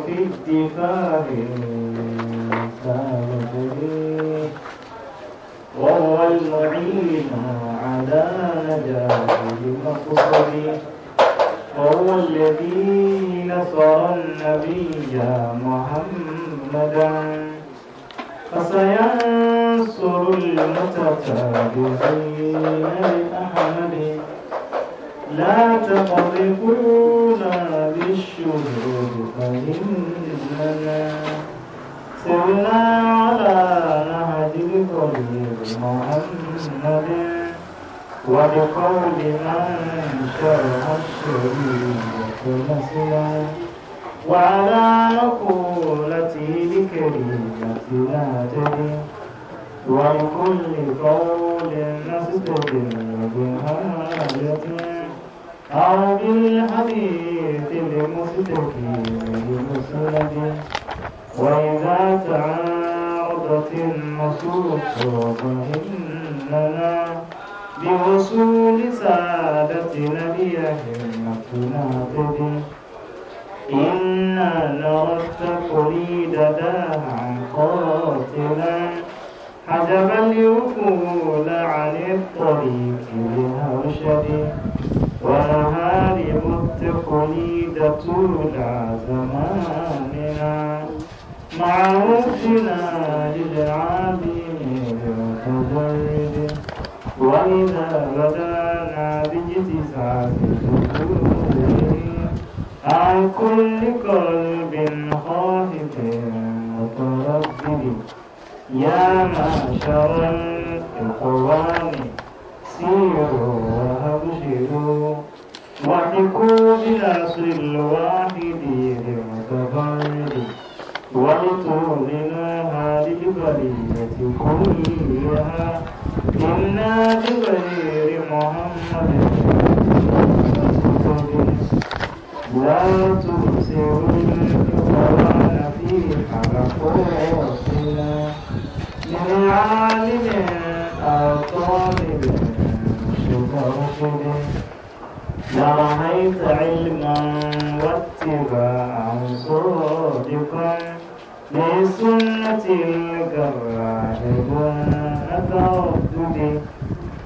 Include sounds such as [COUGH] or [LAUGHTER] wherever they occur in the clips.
في الدفاع الإنسان وهو المعين على نجاة المقصد وهو الذي نصر النبي محمدا فسينصر المتتابعين لأحمد لا تقرقونا بالشهور فإننا سرنا على نهج الكريم محمد وبقول من شرح الشريف نسلا وعلى نقولته لكلمة لا ولكل قول نصدق بها أو بالحديث لمصدق لمسند وإذا تعارضت النصوص فإننا بوصول سادة نبيه نتناقض إنا نرى التقليد داعا قاتلا حجبا الوكول عن الطريق بأرشد وهذه التقليد تولى زماننا مع وجهنا للعالمين المتجرد وإذا بدانا باجتزاز الذكور عن كل قلب خائف متردد يا معشر الإخوان فسيروا وأبشروا واحكوا بالعصر الواحد المتفرد وانصر لنا للبرية كلها إنا بغير محمد لا تبصروا الكفران في حلقاتنا لرأيت علما واتباعا صادقا لسنة كالراهب أتردد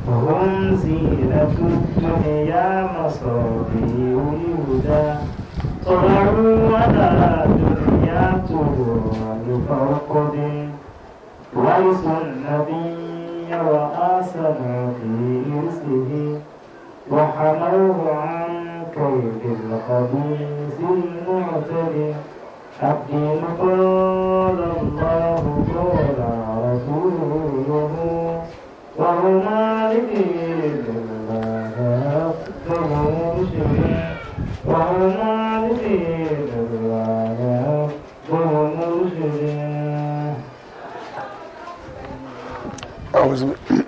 وهم زينة الدنيا مصابيح الهدى طلعوا ولا دنيا تراد فوق دين ويسنة وآسنا في رسله وحموه عن كيد الخبيث المعتد حقي قال الله قال رسوله وهما لدين الله أكثرهم شيء وهما لدين الله أكثرهم شيء أعوذ بالله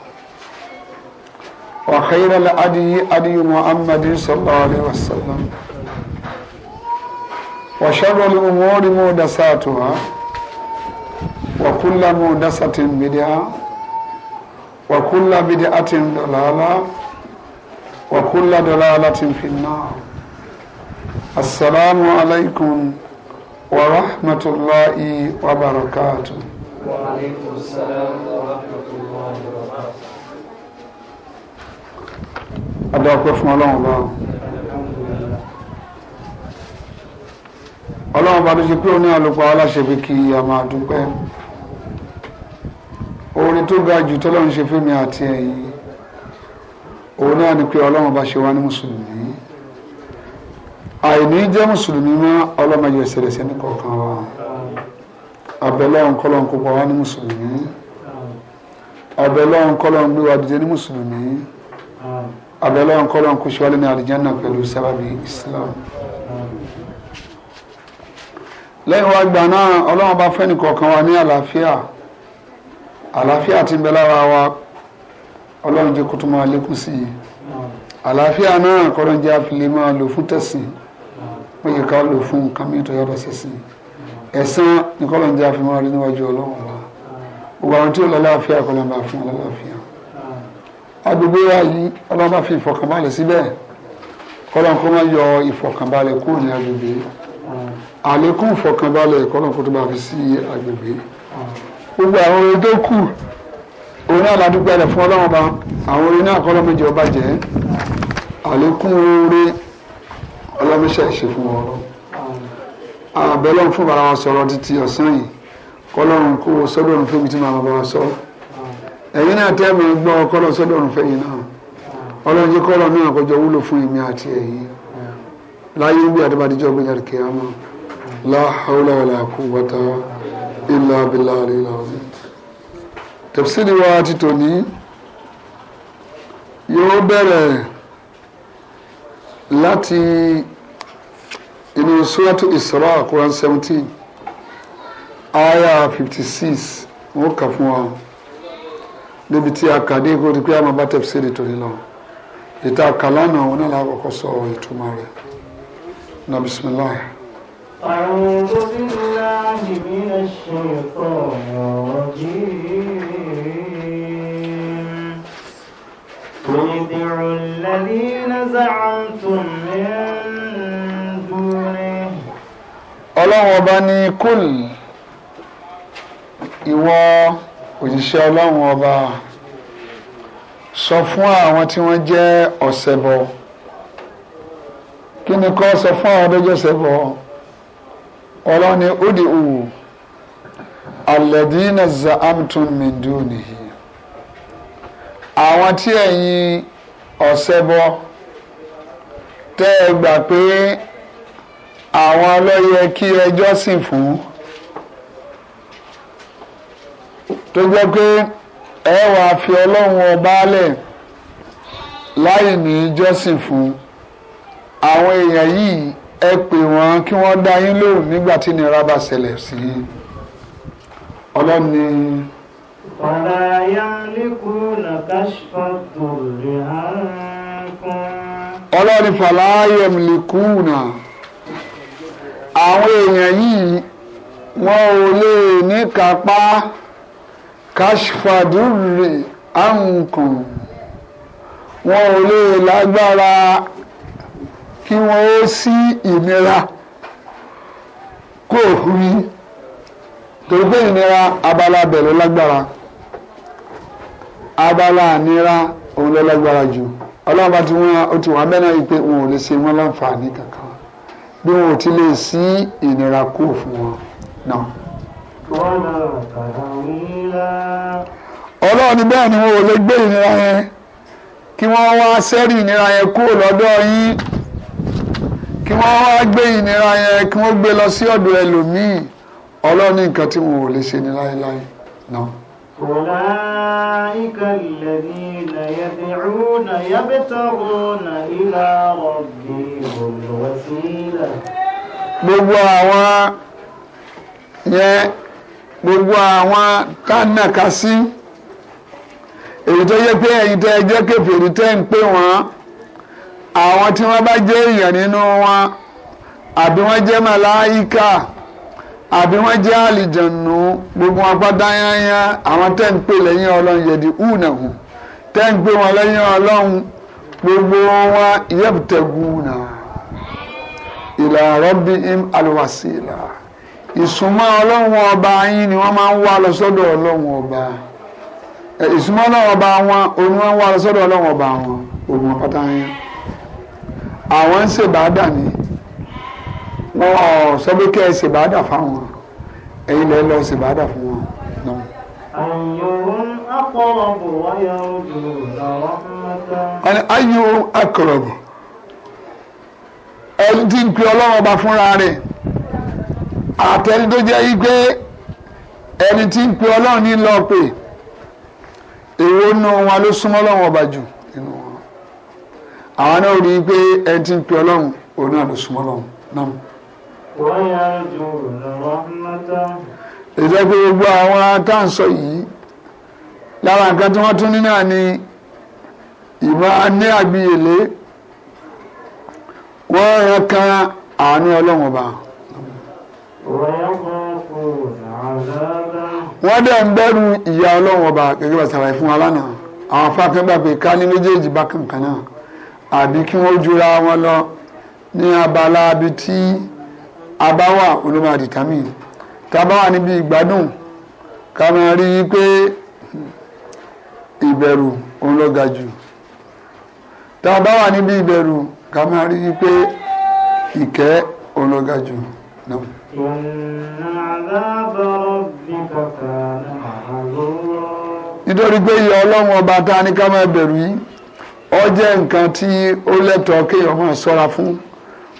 وخير الأدي أدي محمد صلى الله عليه وسلم وشر الأمور مودساتها وكل مودسة بدعة وكل بدعة ضلالة وكل ضلالة في النار السلام عليكم ورحمة الله وبركاته وعليكم السلام ورحمة الله وبركاته adáwọ̀pẹ́ fún ọlọ́run bá ọlọ́run bá ló ṣe pé ó ní àlùpàá aláṣẹ pé kí a máa dúpẹ́ orin tó ga jù tọ́lọ́run ṣe fún mi àti ẹ̀yin òun náà ni pé ọlọ́run bá ṣe wá ní mùsùlùmí àìní jẹ́ mùsùlùmí mọ́ ọlọ́mọdé ẹ̀sẹ̀lẹ̀ sẹ́ni kọ̀ọ̀kan wa àbẹ̀lọ́run kọ́lọ́run kó pa wá ní mùsùlùmí àbẹ̀lọ́run kọ́lọ́run gbé wa dìde ní mùsùlùmí abẹ́lẹ́ ọ̀nkọ́lọ́ kò ṣíwálé ní àlìjánà pẹ̀lú sábàbí islam lẹ́yìn wá gbà náà ọlọ́run bá fẹ́ nìkọ̀ọ̀kan wa ní àlàáfíà àlàáfíà ti bẹ lára wa ọlọ́run jẹ́ kó tó máa lékún sí i àlàáfíà náà kọ́lọ́n jẹ́ àfilẹ́ máa lò fún tẹ̀sìn ó yẹ ká lò fún nǹkan mìíràn tó yọ̀rọ̀ sí sí ẹ̀sán ní kọ́lọ́n jẹ́ àfilẹ́ máa rí níwájú ọlọ́run wa gbogbo àwọn tí ó lọ́láàfíà kọ́lọ́n bá fún ọlọ́láàfíà agbègbè wa yìí ọlọ́mọ fi ìfọ̀kànbalẹ̀ síbẹ̀ kọ́lọ́n kó má yọ ìfọ̀kànbalẹ̀ kúrò ní agbègbè àlékún ìfọ̀kànbalẹ̀ kọ́lọ́n kó tó bá fi sí agbègbè gbogbo àwọn orin tó kù orin náà ládùúgbò rẹ̀ fún ọlọ́run ba àwọn orin náà kọ́lọ́n méjì ọba jẹ́ àlékún oore ọlọ́mọṣẹ́ ṣe fún wọn àbẹ̀lọ́n fún bàrà wa sọ̀rọ̀ títí ọ̀sán yìí kọ́lọ́run kó ní fún mi tí màá bá wa sọ̀rọ̀ ẹ̀yin náà tẹ́ mọ̀ gbọ́ ọkọ́lọ́ sọ́dọ̀rùn fẹ́yìn náà ọlọ́run jẹ́ kọ́lọ́ náà kọjọ wúlò fún èmi àti ẹ̀yin láyé bí adébádíjọ́ gbéjà kíámà la hawla wala quwwata illa billahi al-azim tafsiri wa ti tòní yóò bẹ̀rẹ̀ láti inú suratu Isra Quran seventeen aya fifty six wọ́n kà fún wa débi tí a kà dé kó di pé àmọ́ bá tẹ̀síìrì torí lọ ìta kà lánàá òun náà lákọ̀ọ́kọ́ sọ ìtumọ̀ rẹ̀ na bisimilah. أعوذ بالله من الشيطان الرجيم قل ادعوا الذين زعمتم من دونه ọlọ́run ọba ní kúl òjíṣẹ́ ọlọ́run ọba sọ fún àwọn tí wọ́n jẹ́ ọ̀sẹ̀bọ kí ni kọ́ sọ fún àwọn ọdọ́jọ́ ọ̀sẹ̀bọ ọlọ́run ni ó di òwò alẹ́dínà zaamtun mindunihi àwọn tí ẹ̀yin ọ̀sẹ̀bọ tẹ́ ẹ gbà pé àwọn ló kí ẹ jọ́sìn fún tó jẹ́ pé ẹ wàá fi ọlọ́run ọba lẹ̀ láì ní jọ́sìn fún àwọn èèyàn yìí ẹ pè wọ́n kí wọ́n dá yín lóhùn nígbà tí nira bá ṣẹlẹ̀ sí i ọlọ́run ni. wàrà yamliku nàkàṣfà tòlè ànkún. ọlọ́run ni fàlà yamliku nà àwọn èèyàn yìí wọ́n ò lè ní kápá kashfadurri ankum wọn ò lè lágbára kí wọn ó sí ìnira kó hu yín torí pé ìnira abala bẹ̀rẹ̀ lágbára abala ìnira òun ló lágbára jù ọlọ́run bá ti wọ́n ó ti wà bẹ́ẹ̀ náà yìí pé wọn ò lè ṣe wọn láǹfààní kankan bí wọn ò ti lè sí ìnira kó fún wọn náà. ọlọ́run ni bẹ́ẹ̀ ni wọn ò lè gbé ìnira yẹn kí wọ́n wá sẹ́rí ìnira yẹn kúrò lọ́dọ̀ yín kí wọ́n wá gbé ìnira yẹn kí wọ́n gbé lọ sí ọ̀dọ̀ ẹlòmíì ọlọ́run ní nǹkan tí wọn ò lè ṣe ní láéláé náà. أولئك الذين يدعون يبتغون إلى ربهم الوسيلة gbogbo àwọn gbogbo àwọn kánàkásí èyí tó yẹ pé ẹ̀yin tẹ́ ẹ jẹ́ kèfèrí tẹ́ ń pè wọ́n àwọn tí wọ́n bá jẹ́ èèyàn nínú wọn àbí wọ́n jẹ́ màláíkà àbí wọ́n jẹ́ àlìjànù gbogbo wọn pátá yányá àwọn tẹ́ ń pè lẹ́yìn ọlọ́run yẹ̀dí hùnàhù tẹ́ ń pè wọn lẹ́yìn ọlọ́run gbogbo wọn yẹ̀bùtẹ̀gùnà ìlà rabbihim alwasila ìsúnmọ́ ọlọ́run ọba yín ni wọ́n máa ń wá lọ sọ́dọ̀ ọlọ́run ọba ìsúnmọ́ ọlọ́run ọba wọn òun wọn wá lọ sọ́dọ̀ ọlọ́run ọba wọn òun ọ̀pátá yẹn àwọn ń ṣèbádà ni wọn ò sọ pé kẹ́ ẹ ṣèbádà fáwọn ẹ̀yin lẹ́ lọ ṣèbádà fún wọn náà. àyùn akọ̀rọ̀bù wáyà ojú làwọn mẹ́ta. àyùn akọ̀rọ̀bù ẹni tí ń pe ọlọ́run ọba fúnra rẹ̀ àtẹni tó jẹ́ igbe ẹni tí ń pe ọlọ́run ní lọ́ọ́ pè èwo nù wọn ló súnmọ́ ọlọ́run ọba jù nínú wọn àwọn náà rí i pé ẹni tí ń pe ọlọ́run òun náà ló súnmọ́ ọlọ́run náà. wọ́n yà jù lọ́rọ́ mọ́tà. ìjọba gbogbo àwọn táǹsọ yìí lára nǹkan tí wọ́n tún ní náà ni ìmọ̀ ní àgbìyèlé wọ́n rẹ̀ kan àánú ọlọ́run ọba. wọ́n dẹ̀ ń bẹ̀rù ìyá ọlọ́run ọba gẹ́gẹ́ bá fún wa lánàá àwọn afáfẹ́ gbà ká ní méjèèjì bá kankan náà àbí wọn lọ ní abala abi tí a bá wà olóma níbi ìgbádùn ká máa rí ìbẹ̀rù òun nítorí pé iye ọlọ́run ọba tá a ní ká máa bẹ̀rù yìí ó jẹ́ nǹkan tí ó lẹ́tọ̀ọ́ kéèyàn máa ṣọ́ra fún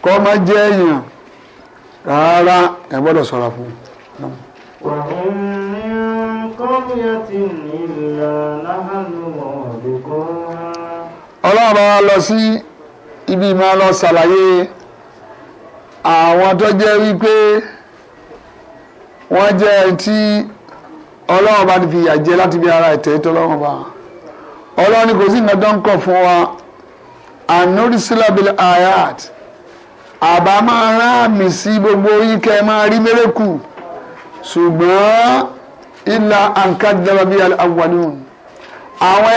kó má jẹ́ èèyàn rárá ẹ̀ gbọ́dọ̀ ṣọ́ra fún. وإن من قرية ọlọ́run bá lọ sí ibi máa lọ ṣàlàyé àwọn tó jẹ́ wípé wọ́n jẹ́ tí ọlọ́run bá ti fi ìyà jẹ láti bí ara ìtẹ́ tó lọ́wọ́ bá ọlọ́run ni kò sí nǹkan tó ń kọ̀ fún wa anorisilabel ayat àbá máa rán àmì sí gbogbo yín kẹ́ ẹ máa rí mérekù ṣùgbọ́n ìlà àǹkàdàbàbí àwọn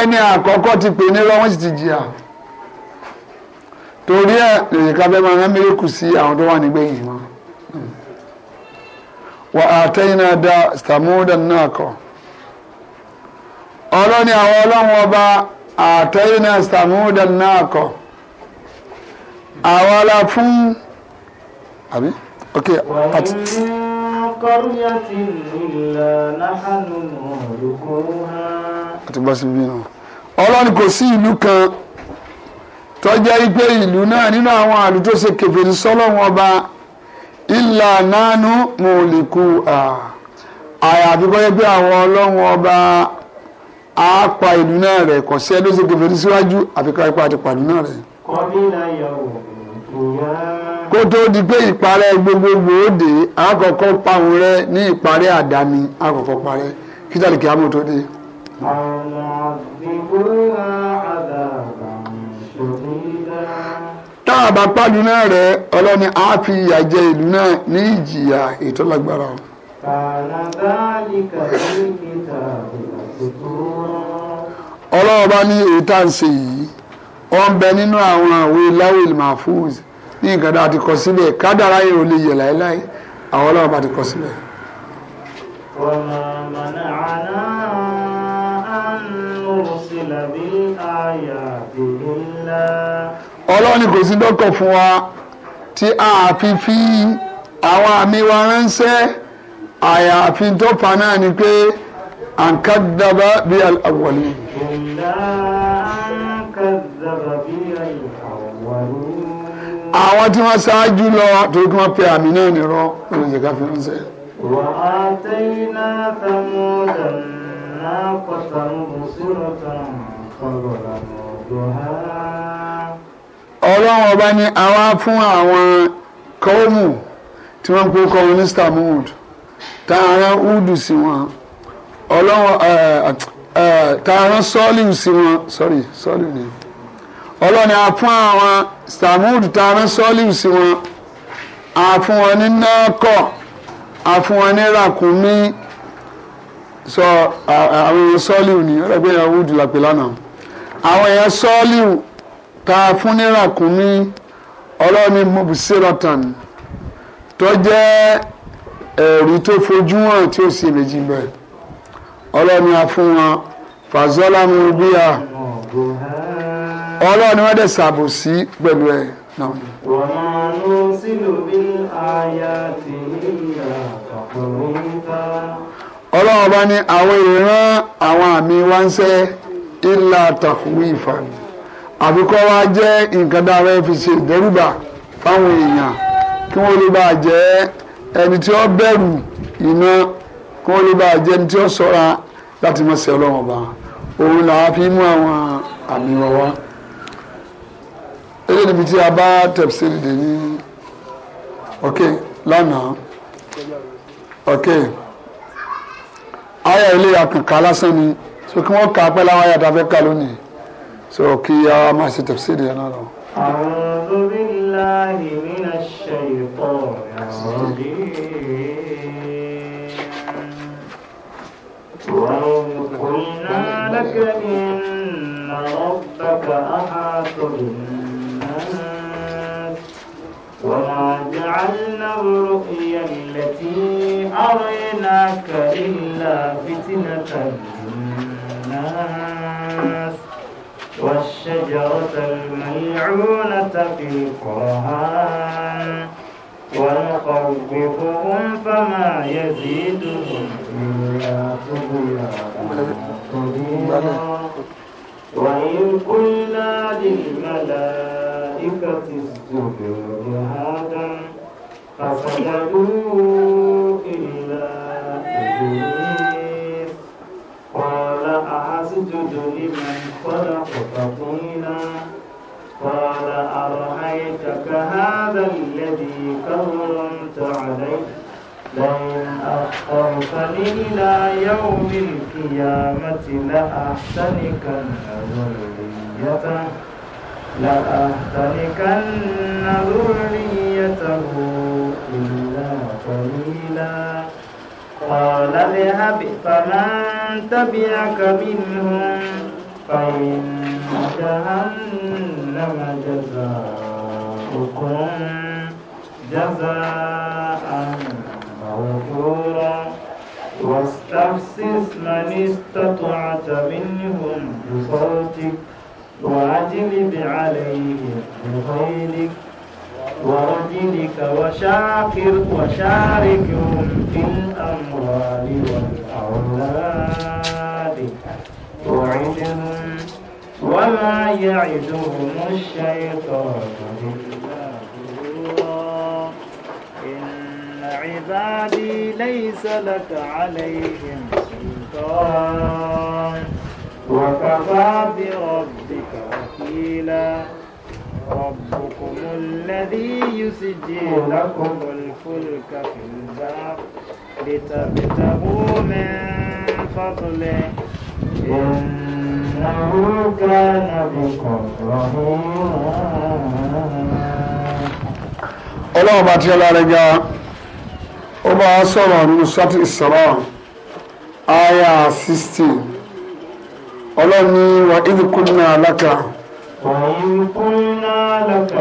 ẹni àkọ́kọ́ ti pè ní rọ́wọ́n sì ti jìyà torí ẹ lèyìn ká bẹ́ẹ̀ máa rán mílíkù sí àwọn tó wà nígbẹ̀yìn mọ́ wà á tẹ́yìn náà da samuda náà kọ́ ọlọ́ni àwọn ọlọ́run ọba àtẹ́yìn náà samuda náà kọ́ àwọn ọlá fún àbí ok àti. قرية إلا نحن ọlọ́ni kò sí ìlú kan. tọ́jẹ́ ipe ìlú náà nínú àwọn àlù tó ṣe kèfèrí sọ́lọ́run ọba ìlà nánú mòlìkù àyàfi pé àwọn ọlọ́run ọba á pa ìlú náà rẹ̀ kò sí síwájú àfikà àti pàdé náà rẹ̀. kó tó di pé ìparẹ́ gbogbogbò pàwọn rẹ ní ìparẹ́ parẹ́ tá a bá pàdù náà rẹ̀ ọlọ́ni á fi ìyà jẹ ìlú náà ní ìjìyà ètò lágbára. ní ètò àǹsẹ̀ yìí ó ń bẹ nínú àwọn àwọ̀ láwìl mahfuz ní nǹkan tá ti kọ sílẹ̀ kádàrá yìí ò lè yẹ̀ láéláé àwọn ti kọ mọ̀nà àná ọlọ́run kò sí dọ́kọ̀ fún wa tí a fi fi àwọn àmì wa ránṣẹ́ àyàfi tó fa náà ni pé àǹkàdàbà bí àwọ̀lì. àwọn tí wọ́n ṣáájú lọ torí kí wọ́n pe àmì náà nírọ́ olùjẹ́ ká fi ránṣẹ́. wà tẹ́yìn náà tàmúdà náà kọ̀tà mú sí ọ̀tàn fọlọ́lá mọ́ọ́dọ́ ha ọlọ́run ọba ní àwa fún àwọn kọ́ọ̀mù tí wọ́n gbé kọ́ wọn ní stamud tààrà údù sí wọn ọlọ́run tààrà sọ́ọ̀lù sí wọn sorry sọ́ọ̀lù ni ọlọ́run ni a fún àwọn stamud tààrà sọ́ọ̀lù sí wọn a fún wọn ní nẹ́ẹ̀kọ́ a fún wọn ní ràkúnmí sọ àwọn èèyàn sọ́ọ̀lù ni ó rẹ̀ gbé údù làpè lánàá àwọn èèyàn sọ́ọ̀lù tá a fún ní ràkúnmí ọlọ́ni mubsiratan tó jẹ́ ẹ̀rí tó fojú hàn tí ó sì méjì bẹ́ẹ̀ ọlọ́ni a fún wọn fàzọ́lámù bíyà ọlọ́ni wọ́n dẹ̀ ṣàbòsí pẹ̀lú ẹ̀ náà. wọ́n máa ń sílò bí aya ti níyà àkọ́kọ́ ta. ọlọ́run bá ní àwọn ìran àwọn àmì wáńṣẹ́ ìlà tàkùwí ìfàmì àbí kọ́ wa jẹ́ nǹkan dára fi ṣe ìdẹ́rùbà fáwọn èèyàn kí wọ́n lè bá jẹ́ ẹni tí ó bẹ̀rù iná kí wọ́n lè bá jẹ́ ẹni tí ó ṣọ́ra láti mọ̀ sí ọlọ́run ọba òun làá fi mú àwọn àmì wọn wá. eléyìí níbi tí a bá tẹ̀síìrì dé ní ọ̀kẹ́ lánàá ọ̀kẹ́ ayọ̀ ilé akànkà lásán ni so kí wọ́n kà á pẹ́ láwọn ayàtà fẹ́ kà lónìí. سوكيا ما هي تفسير يا no. أعوذ بالله من الشيطان الرجيم ولو قلنا لك إن ربك أحاط بالناس وما جعلنا الرؤيا التي أريناك إلا فتنة للناس والشجرة الملعونة في القرآن ونخوفهم فما يزيدهم إلا طغيانا وإن قلنا للملائكة اسجدوا لآدم فسجدوا أسجد لمن خلقت طينا قال أرأيتك هذا الذي كرمت عليه لئن أخرتني إلى يوم القيامة لأحتنكن ذريته لأحتنكن ذريته إلا قليلا قال اذهب فمن تبعك منهم فإن جهنم جزاؤكم جزاء موفورا واستفسس من استطعت منهم بصوتك واجلب عليهم بغيرك ورجلك وشاكر وشاركهم في الأموال والأولاد وعدهم وما يعدهم الشيطان إلا غرورا إن عبادي ليس لك عليهم سلطان وكفى بربك وكيلا ربكم الذي يسجي لكم الفلك في البحر لتبتغوا من فضله إنه كان بكم رحيما ọlọ́run bá ti ọlá ga ó bá a sọ̀rọ̀ nínú sọ́tì ìsọ̀rọ̀ àyà 16 ọlọ́run ní wà ìdíkùnà alákàá. وإذ قلنا لك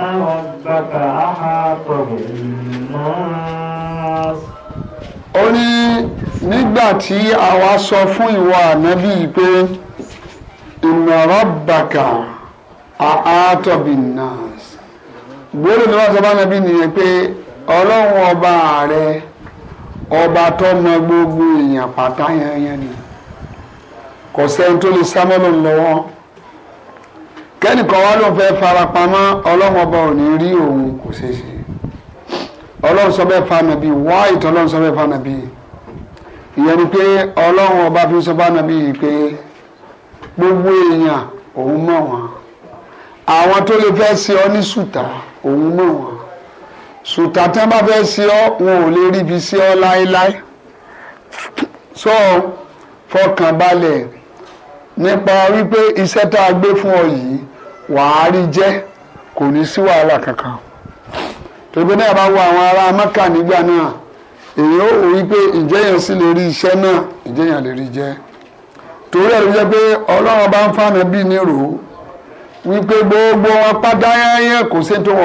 إن ربك أحاط بالناس ó ní nígbà tí àwa sọ fún ìwọ ànábì pé inna rabbaka ahata binnas gbọ́dọ̀ ni wọ́n sọ bá ànábì nìyẹn pé ọlọ́run ọba ààrẹ ọba tó mọ gbogbo èèyàn pátá yẹn yẹn ni kò sẹ́ni tó lè sá mọ́ lọ́wọ́ kẹ́nìkan wá ló ń fẹ́ farapamọ́ ọlọ́run ọba ò ní rí òun kò ṣeé ṣe ọlọ́run sọ bẹ́ẹ̀ fa nàbí wá ìtọ́ ọlọ́run sọ bẹ́ẹ̀ fa nàbí ìyẹn ni pé ọlọ́run ọba fi sọ fa nàbí pé gbogbo èèyàn òun mọ̀ wọ́n àwọn tó lè fẹ́ ṣe ọ ní sùtà òun mọ̀ wọ́n sùtà tí wọ́n bá fẹ́ ṣe ọ wọn ò lè ríbi ṣe ọ láéláé so fọkànbalẹ̀ nípa wípé iṣẹ́ tá a gbé fún ọ yìí wàá jẹ́ kò ní sí wàhálà kankan tòbí náà bá wo àwọn ará mẹ́kà nígbà náà èèyàn ò wí pé ìjẹyàn sì lè rí iṣẹ́ náà ìjẹyàn lè rí jẹ́ torí ẹ̀rọ jẹ́ pé ọlọ́run bá ń fànà bí nírò wípé gbogbo wọn kò sí tó nínú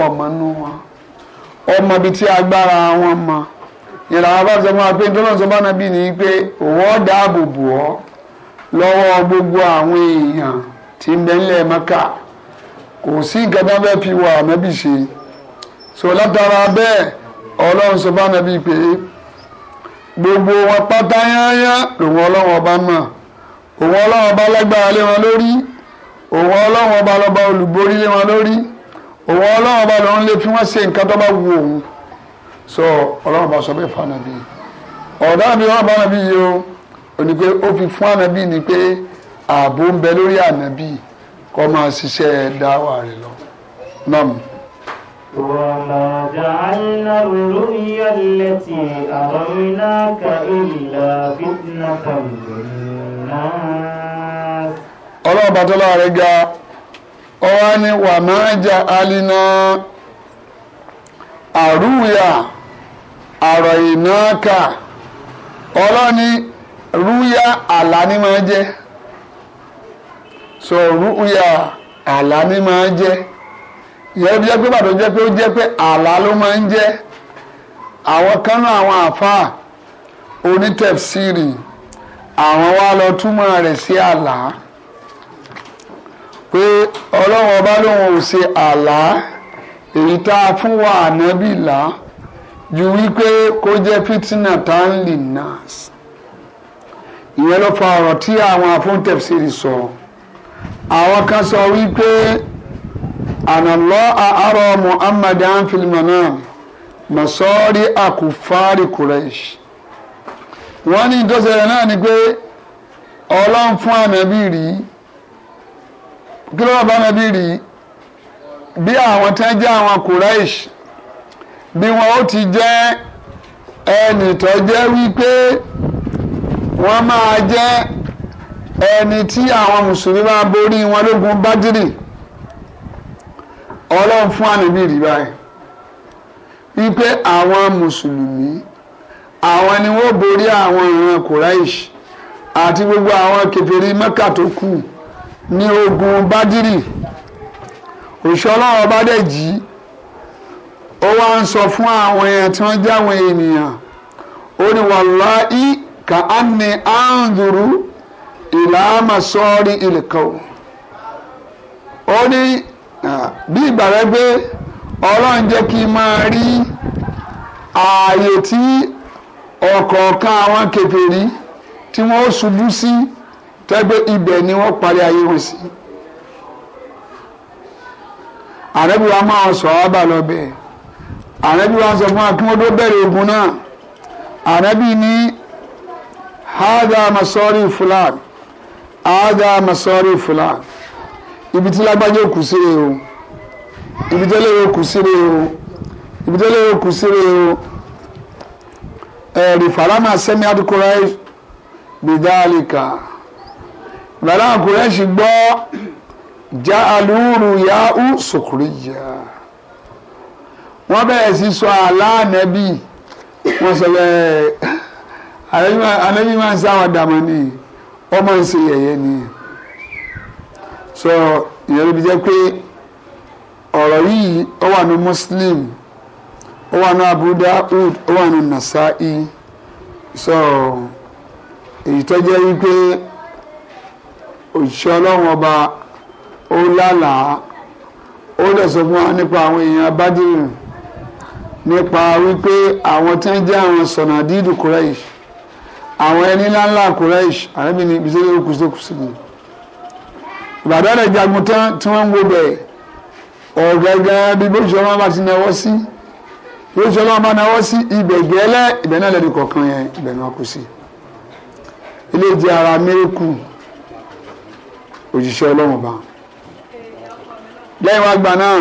wọn gbogbo àwọn èèyàn kò sí nǹkan tí fi wà ànábì ṣe so látara bẹ́ẹ̀ ọlọ́run sọ fún ànábì pé gbogbo wọn pátá yányá lòun ọlọ́run ọba mọ̀ òun ọlọ́run ọba lágbára lé wọn lórí òun ọlọ́run ọba lọ́ba olùborí lé wọn lórí òun ọlọ́run ọba lòun lè fi wọ́n ṣe nǹkan tó bá wù òun so ọlọ́run ọba sọ bẹ́ẹ̀ fún ànábì ọ̀dọ́ àbí wọn bá ànábì yìí o ò ní pé ó fi fún ànábì ni pé ààbò ń bẹ lórí ànábì yìí kọ́ máa ṣiṣẹ́ dáwà rẹ̀ lọ. Nam. وما جعلنا الرؤيا التي أريناك إلا فتنة للناس ọlọ́ọ̀bá tó láàrin ga ọwá ní wà máa jà alina àrúyà àrọ̀ ìnáka ọlọ́ni rúyà àlá ní máa jẹ́ so rúkúyà àlá ni máa ń jẹ́ ìyẹn bí jẹ́ pé bàtọ́ jẹ́ pé ó jẹ́ pé àlá ló máa ń jẹ́ àwọn kan náà àwọn àfáà onítẹ̀síìrì àwọn wa lọ túmọ̀ rẹ̀ sí àlá pé ọlọ́run ọba lòun ò ṣe àlá èyí tá a fún wa ànábì là ju wípé kó jẹ́ fìtínà tá ń lì náà ìyẹn ló fa ọ̀rọ̀ tí àwọn afúntẹ̀síìrì sọ. So àwọn kan sọ wípé ànàlọ́ àárọ̀ muhammad anfilmọ̀ náà masọ́ọ́rí àkùfárí kuresh wọ́n ní ìtọ́sẹ̀rẹ̀ náà ni pé ọlọ́run fún ànábì rí kí ló wà bá ànábì rí bí àwọn tẹ́ jẹ́ àwọn kuresh bí wọn ó ti jẹ́ ẹnì jẹ́ wípé wọ́n máa jẹ́ ẹni tí àwọn mùsùlùmí máa borí wọn lógun bádìrì ọlọ́run fún ànábì rí báyìí wípé àwọn mùsùlùmí àwọn ni wọ́n borí àwọn ìran kòráìṣì àti gbogbo àwọn kèfèrí mẹ́kà tó kù ní ogun bádìrì òṣìṣẹ́ ọlọ́run ọba dẹ̀ jí ó wá ń sọ fún àwọn èèyàn tí wọ́n jáwọn ènìyàn ó ní wàláì kà á ní àǹdùrú. ìlà sọ́ọ́rí ilẹ̀ kan ó ní bí ìgbà rẹ gbé ọlọ́run jẹ́ kí n rí ààyè tí ọ̀kọ̀ọ̀kan àwọn rí tí wọ́n ṣubú sí tẹ́gbẹ́ ibẹ̀ ni wọ́n parí ayé wọn sí. àrẹ́bí wa máa sọ ọ́bà lọ bẹ́ẹ̀ sọ fún wa kí ada masori fula ibi tí lágbájá òkú síre o ibi tí ẹlẹ́yìn òkú síre o ibi tí ẹlẹ́yìn òkú síre o ẹ̀rì farama sẹ́mi adukura bidalika bàbá àkùrẹ́ sì gbọ́ já alúrù yahu sùkúrìyà wọ́n bẹ̀rẹ̀ sí sọ aláàánẹ́bí wọ́n sọ bẹ́ẹ̀ ànẹ́bí máa ń sáwọn dàmọ́ nìyí. Ọ ma ń ni so ìyẹn ló fi pé ọ̀rọ̀ yìí wà ní Muslim wà ní Nasa'i so èyí tó jẹ́ wípé ọba ó lálàá ó lè sọ fún wa nípa àwọn èèyàn awọn nípa wípé àwọn àwọn ẹni ńláńlá Quraysh àrẹ́bí ni ibi sẹ́lẹ̀ òkú sókù sí ni ìbàdàn rẹ̀ jagun tán tí wọ́n ń wo bẹ̀ ọ̀gẹ́gẹ́ bí bóṣù ọmọ bá ti náwó sí bóṣù ọmọ bá náwó sí ibẹ̀ gẹ́lẹ́ ibẹ̀ náà lẹ́nu kọ̀ọ̀kan yẹn ibẹ̀ náà kú sí ilé jẹ́ ara mẹ́rẹ́kù òjíṣẹ́ ọlọ́run ọba lẹ́yìn wá gbà náà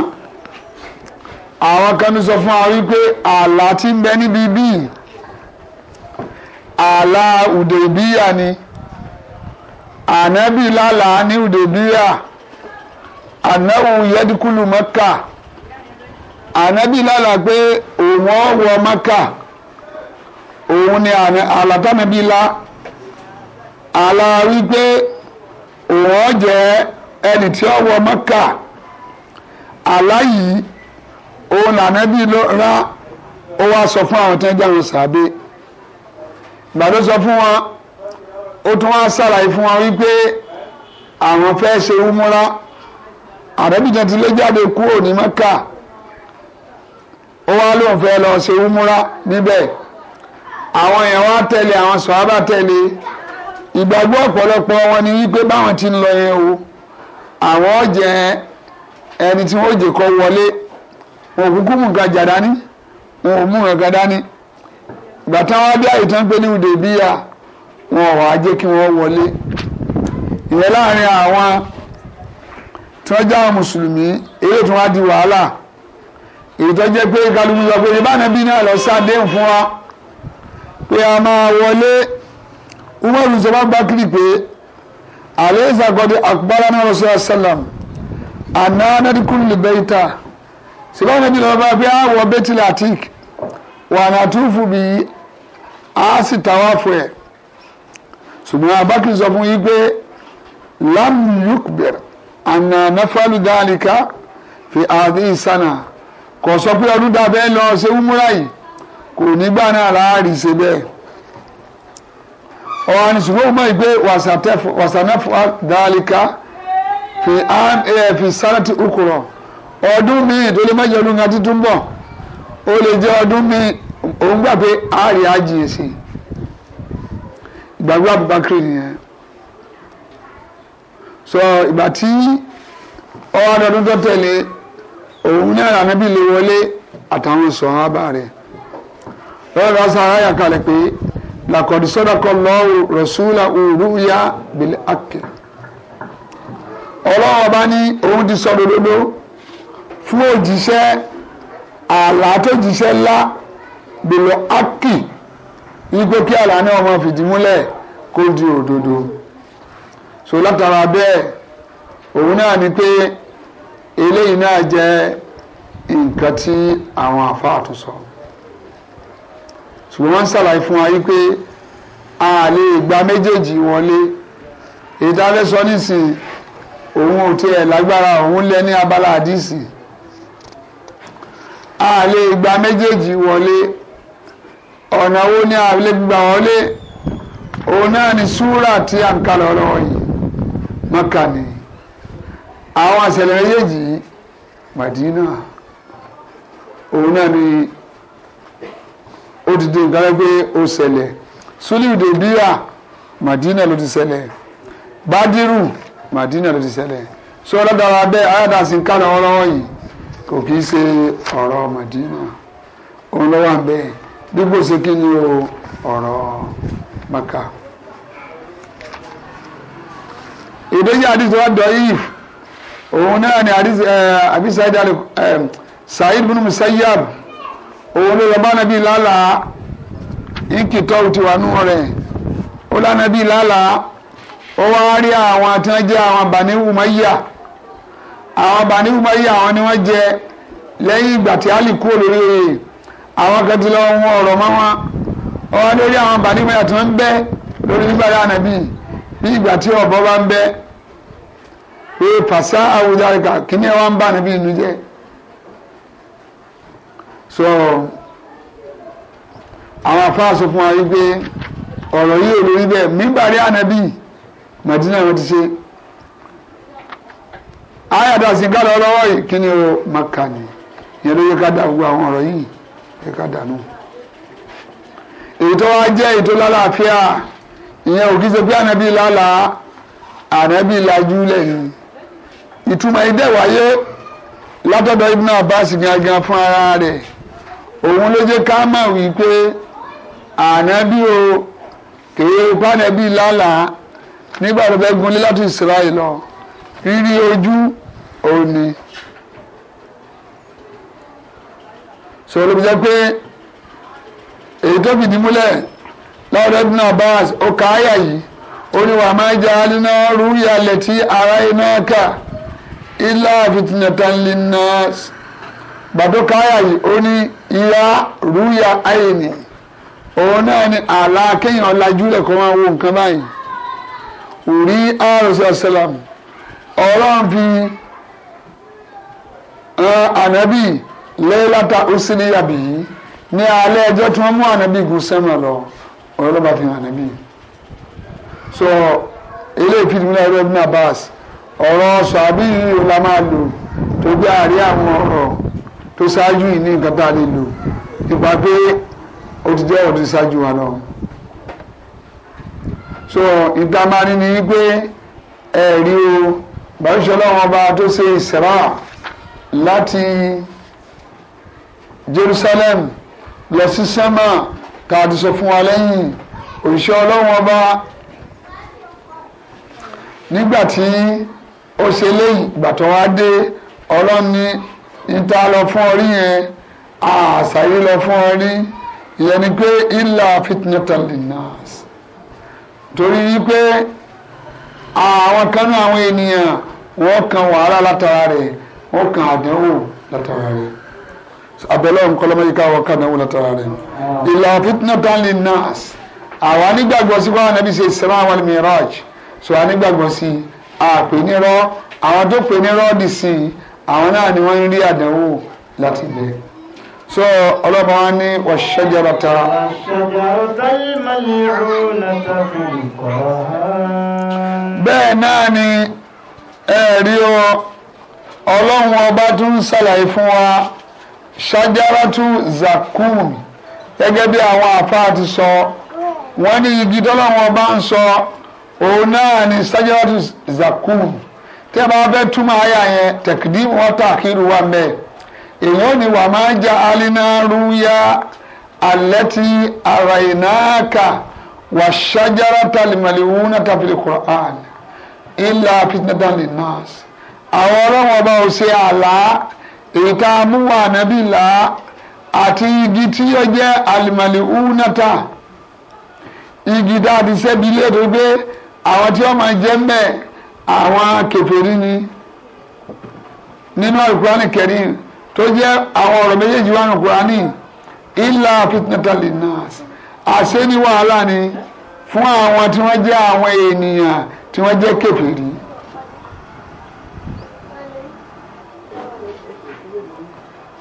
àwọn kan ní sọ fún wa wípé àlá ti ń bẹ níbi bíi àlà Hudaybiya ni ànábì lálà ní Hudaybiya ànáwó yẹ́díkùlù Mẹ́kà ànábì lálà pé òun ọwọ Mẹ́kà òun ni àlàtànábì lá àlà wípé òun ọ̀jẹ̀ ẹni tí ọ̀wọ́ Mẹ́kà àlá yìí òun lànábì ló ra ó wá sọ fún àwọn tí wọ́n jẹ́ àwọn sàbẹ̀. ìgbà tó sọ fún wọn ó tún wá ṣàlàyé fún wọn wípé àwọn fẹ́ ṣe umura àrẹ́bìjẹ́ ti lé jáde kúrò ní mẹ́kà ó wá lóun fẹ́ lọ ṣe umura níbẹ̀ àwọn èèyàn wá tẹ̀lé àwọn sọ̀hábà tẹ̀lé ìgbàgbọ́ ọ̀pọ̀lọpọ̀ wọn ni wípé báwọn ti ń lọ yẹn o àwọn jẹ ẹni tí wọ́n jẹ kọ́ wọlé òkúkú mú nǹkan jà dání wọn ò mú nǹkan dání ìgbà táwọn adé àìtán pé ní Hudaybiya wọn ò wá jẹ́ kí wọ́n wọlé ìyẹn láàrin àwọn tí wọ́n jáwọ́ mùsùlùmí eré tí wọ́n á di wàhálà èyí tó jẹ́ pé kálukú sọ pé ìbáná bí náà lọ sádéhùn fún wa pé a máa wọlé Umaru sọ bá Bakri pé àlẹ́ ìsàkọ́dé àkùbárà náà rọ̀ṣọ́ àṣàlám àná nádìkún lè bẹ́ ìta lọ́wọ́ bá wọ Betil Atik wà nà túfù a sì tàwa fún ẹ ṣùgbọ́n abákin fún yín pé lamuyukbir ana nafalu dalika fi adi sana kò sọ pé ọdún tá a fẹ́ lọ ṣe wúmúra yìí kò ní gbà náà láàárín ṣe bẹ́ẹ̀ ọ̀hún ni ṣùgbọ́n mọ̀ pé wàsánẹ́fù dalika fi af eh, sanati ukuro ọdún míì tó lè má jẹ́ ọdún kan títún bọ̀ ó lè jẹ́ ọdún míì. òun gbà pé àárẹ̀ á jìn sí ìgbàgbọ́ Abubakar nìyẹn sọ ìgbà tí ọwọ́ tó tẹ̀lé òun ní àrà níbi lè wọlé àtàwọn sọ̀hábà rẹ̀ lọ́wọ́ bá sọ aráyà kalẹ̀ pé làkọ̀dù sọ́dọ̀kọ̀ lọ́wọ́ rọ̀ṣúlà òrùya bìlẹ̀ àkẹ́ ọlọ́wọ́ bá ní òun ti sọ dododo fún òjíṣẹ́ àlá ńlá bèlò aki igbó kí àlá náà máa fìdí múlẹ̀ kó di òdodo so látara bẹ́ẹ̀ òun náà ni pé eléyìí náà jẹ́ nǹkan tí àwọn àfáà tó sọ ṣùgbọ́n wọ́n ń ṣàlàyé fún wa yí pé a lè gba méjèèjì wọlé ìdálẹ́sọ nísìnyí òun ò tiẹ̀ lágbára òun lẹ ní abala àdìsí a lè gba méjèèjì wọlé ọ̀nà wo ni àlè gbà wọlé òun náà ni súrà tí à ń kalẹ̀ ọlọ́wọ́ yìí mọ́kà ni àwọn àṣẹlẹ̀ méjèèjì màdínà òun náà ni ó ti di nǹkan pé ó ṣẹlẹ̀ suliude bíyà màdínà ló ti ṣẹlẹ̀ bádírù màdínà ló ti ṣẹlẹ̀ sọ ọlọ́dàra bẹ́ẹ̀ ayọ̀dà sí ń kalẹ̀ ọlọ́wọ́ yìí kò kí í ṣe ọ̀rọ̀ màdínà òun lọ́wọ́ àbẹ́ẹ̀ gbogbo ṣe kí ni o ọ̀rọ̀ maka ìdójú àdìsí wa dọ̀ yìí òun náà ni àdìsí àbí Said ali Said bin Musayyab òun ló lọ bá nàbí lálà ìkìtọ́ òtí wà nù rẹ̀ ó lánà bí lálà ó wá rí àwọn tí wọ́n jẹ́ àwọn Bani Umayya àwọn Bani Umayya àwọn ni wọ́n jẹ lẹ́yìn ìgbà tí Ali kúrò lórí rẹ̀. àwọn kan ti lọ wọn ọ̀rọ̀ mọ́ wọn ọwọ́ lórí àwọn bàdìmọ̀yà tó ń bẹ́ lórí nígbàdá ànábì bí ìgbà tí ọ̀bọ bá ń bẹ́ pé pàṣẹ àwùjọ àríkà kíní ẹ̀ wá ń bá so àwọn fún wa wípé ọrọ yìí ò lórí bẹ́ẹ̀ mímbàrí ànábì màdínà wọn ti ṣe ayàtọ̀ àsìkálọ̀ ọlọ́wọ́ yìí kíní o màkà ni ló yẹ ká ẹ̀ka dànù. ètò wa jẹ́ ètò lálàáfíà ìyẹn ò kí ṣe pé ànábì lálà ànábì lajú lẹ́yìn ìtumọ̀ ìdẹ́ wáyé látọ̀dọ̀ Ibn Abbas gangan fún ara rẹ̀ òun ló jẹ́ ká mọ̀ wípé ànábì o kèé pànábì lálà nígbà tó fẹ́ gunlé láti Israel lọ rírí ojú òní. so ló fi jẹ́ pé èyí tó fìdí múlẹ̀ lọ́dọ̀ ibùdó náà báàsì ó ka àyà yìí ó ní wàá máa jẹ alínà rúrí alẹ̀ tí ara iná kà ilá fìtìnàtàn bàtó ka yìí ó ní ìyá rúrí àyìnì òun náà ni àlá kéèyàn lajú rẹ̀ kó máa wo nǹkan báyìí òrí àròsọ sẹlẹm ọlọ́run fi ran eh, ànábì lẹ́yìnláta òsínìyàbí yìí ní alẹ́ ẹjọ́ tí wọ́n mú ànábì gùn sẹ́mà lọ ọ̀rọ̀ ló bá fi hàn ànábì. sọ ilé ìfìdímúlẹ̀ ẹ̀rọ ibùdó abbas ọ̀rọ̀ sọ̀ábì yìí ó la máa lò tó gbé àárẹ̀ àwọn ọ̀rọ̀ tó ṣáájú yìí ní nǹkan tá a lè lò nípa pé ó ti jẹ́ ọ̀rọ̀ ṣáájú wa lọ. sọ ìdámarin ni wípé ẹ̀rí o bàbá ìṣọ́lá wọn bá tó ṣe ìṣẹ̀rá láti. Jerusalem lọ sí sẹ́mà tá a ti sọ fún wa lẹ́yìn òṣìṣẹ́ ọlọ́run ọba nígbà tí ó ṣe léyìn ìgbà tó wá dé ọlọ́run ní níta lọ fún ọ rí yẹn àṣàyè lọ fún ọ rí ìyẹn ni pé ilà fitnatan linnas torí wípé àwọn kan àwọn ènìyàn wọ́n kan wàhálà látara rẹ̀ wọ́n kan àdánwò látara rẹ̀ abẹ́lẹ́ ọ̀hún kọ́lọ́mọ́yé káwọn kan náà wọ́n látara rẹ̀ ìlà fitna tánlẹ̀ nas àwọn anígbàgbọ́ sí wọn ànábì ṣe ìsẹ́mà wọn miraj so anígbàgbọ́ sí àpè nírọ́ àwọn tó pè nírọ́ dì sí àwọn náà ni wọ́n rí àdánwò láti bẹ̀ so ọlọ́mọ wa ní wàṣẹ́jọ́rọ̀ta. bẹ́ẹ̀ náà ni ẹ̀rí ọ ọlọ́run ọba tún ń ṣàlàyé fún wa ṣájárátú zakum gẹ́gẹ́ bí àwọn àfáà ti sọ wọ́n ní igi tọ́lọ́wọ́n bá ń sọ òun náà ni ṣájárátú zakum tí a bá fẹ́ túmọ̀ àyà yẹn tẹ̀kídì wọn tàkìrù wa mẹ́ èèyàn ni wà máa ja alinaruya alẹ́tí arainaka wà ṣájárátà lìmọ̀lẹ́wúnà tàbí Qur'an ilà fitnatan linnas àwọn ọlọ́wọ́n bá ò ṣe àlàá ìka múwà ànábì là àti igi tí ó jẹ́ alimali unata igi dáadé sẹ́bi lédè e pé àwọn tí wọ́n máa jẹ́ mbẹ́ àwọn kèfèrí ni nínú alukurani kẹrin tó jẹ́ àwọn ọ̀rọ̀ méjèèjì wà alukurani ilà fitnatali nas àṣẹ ni wàhálà ni fún àwọn tí wọ́n jẹ́ àwọn ènìyàn tí wọ́n jẹ́ kèfèrí.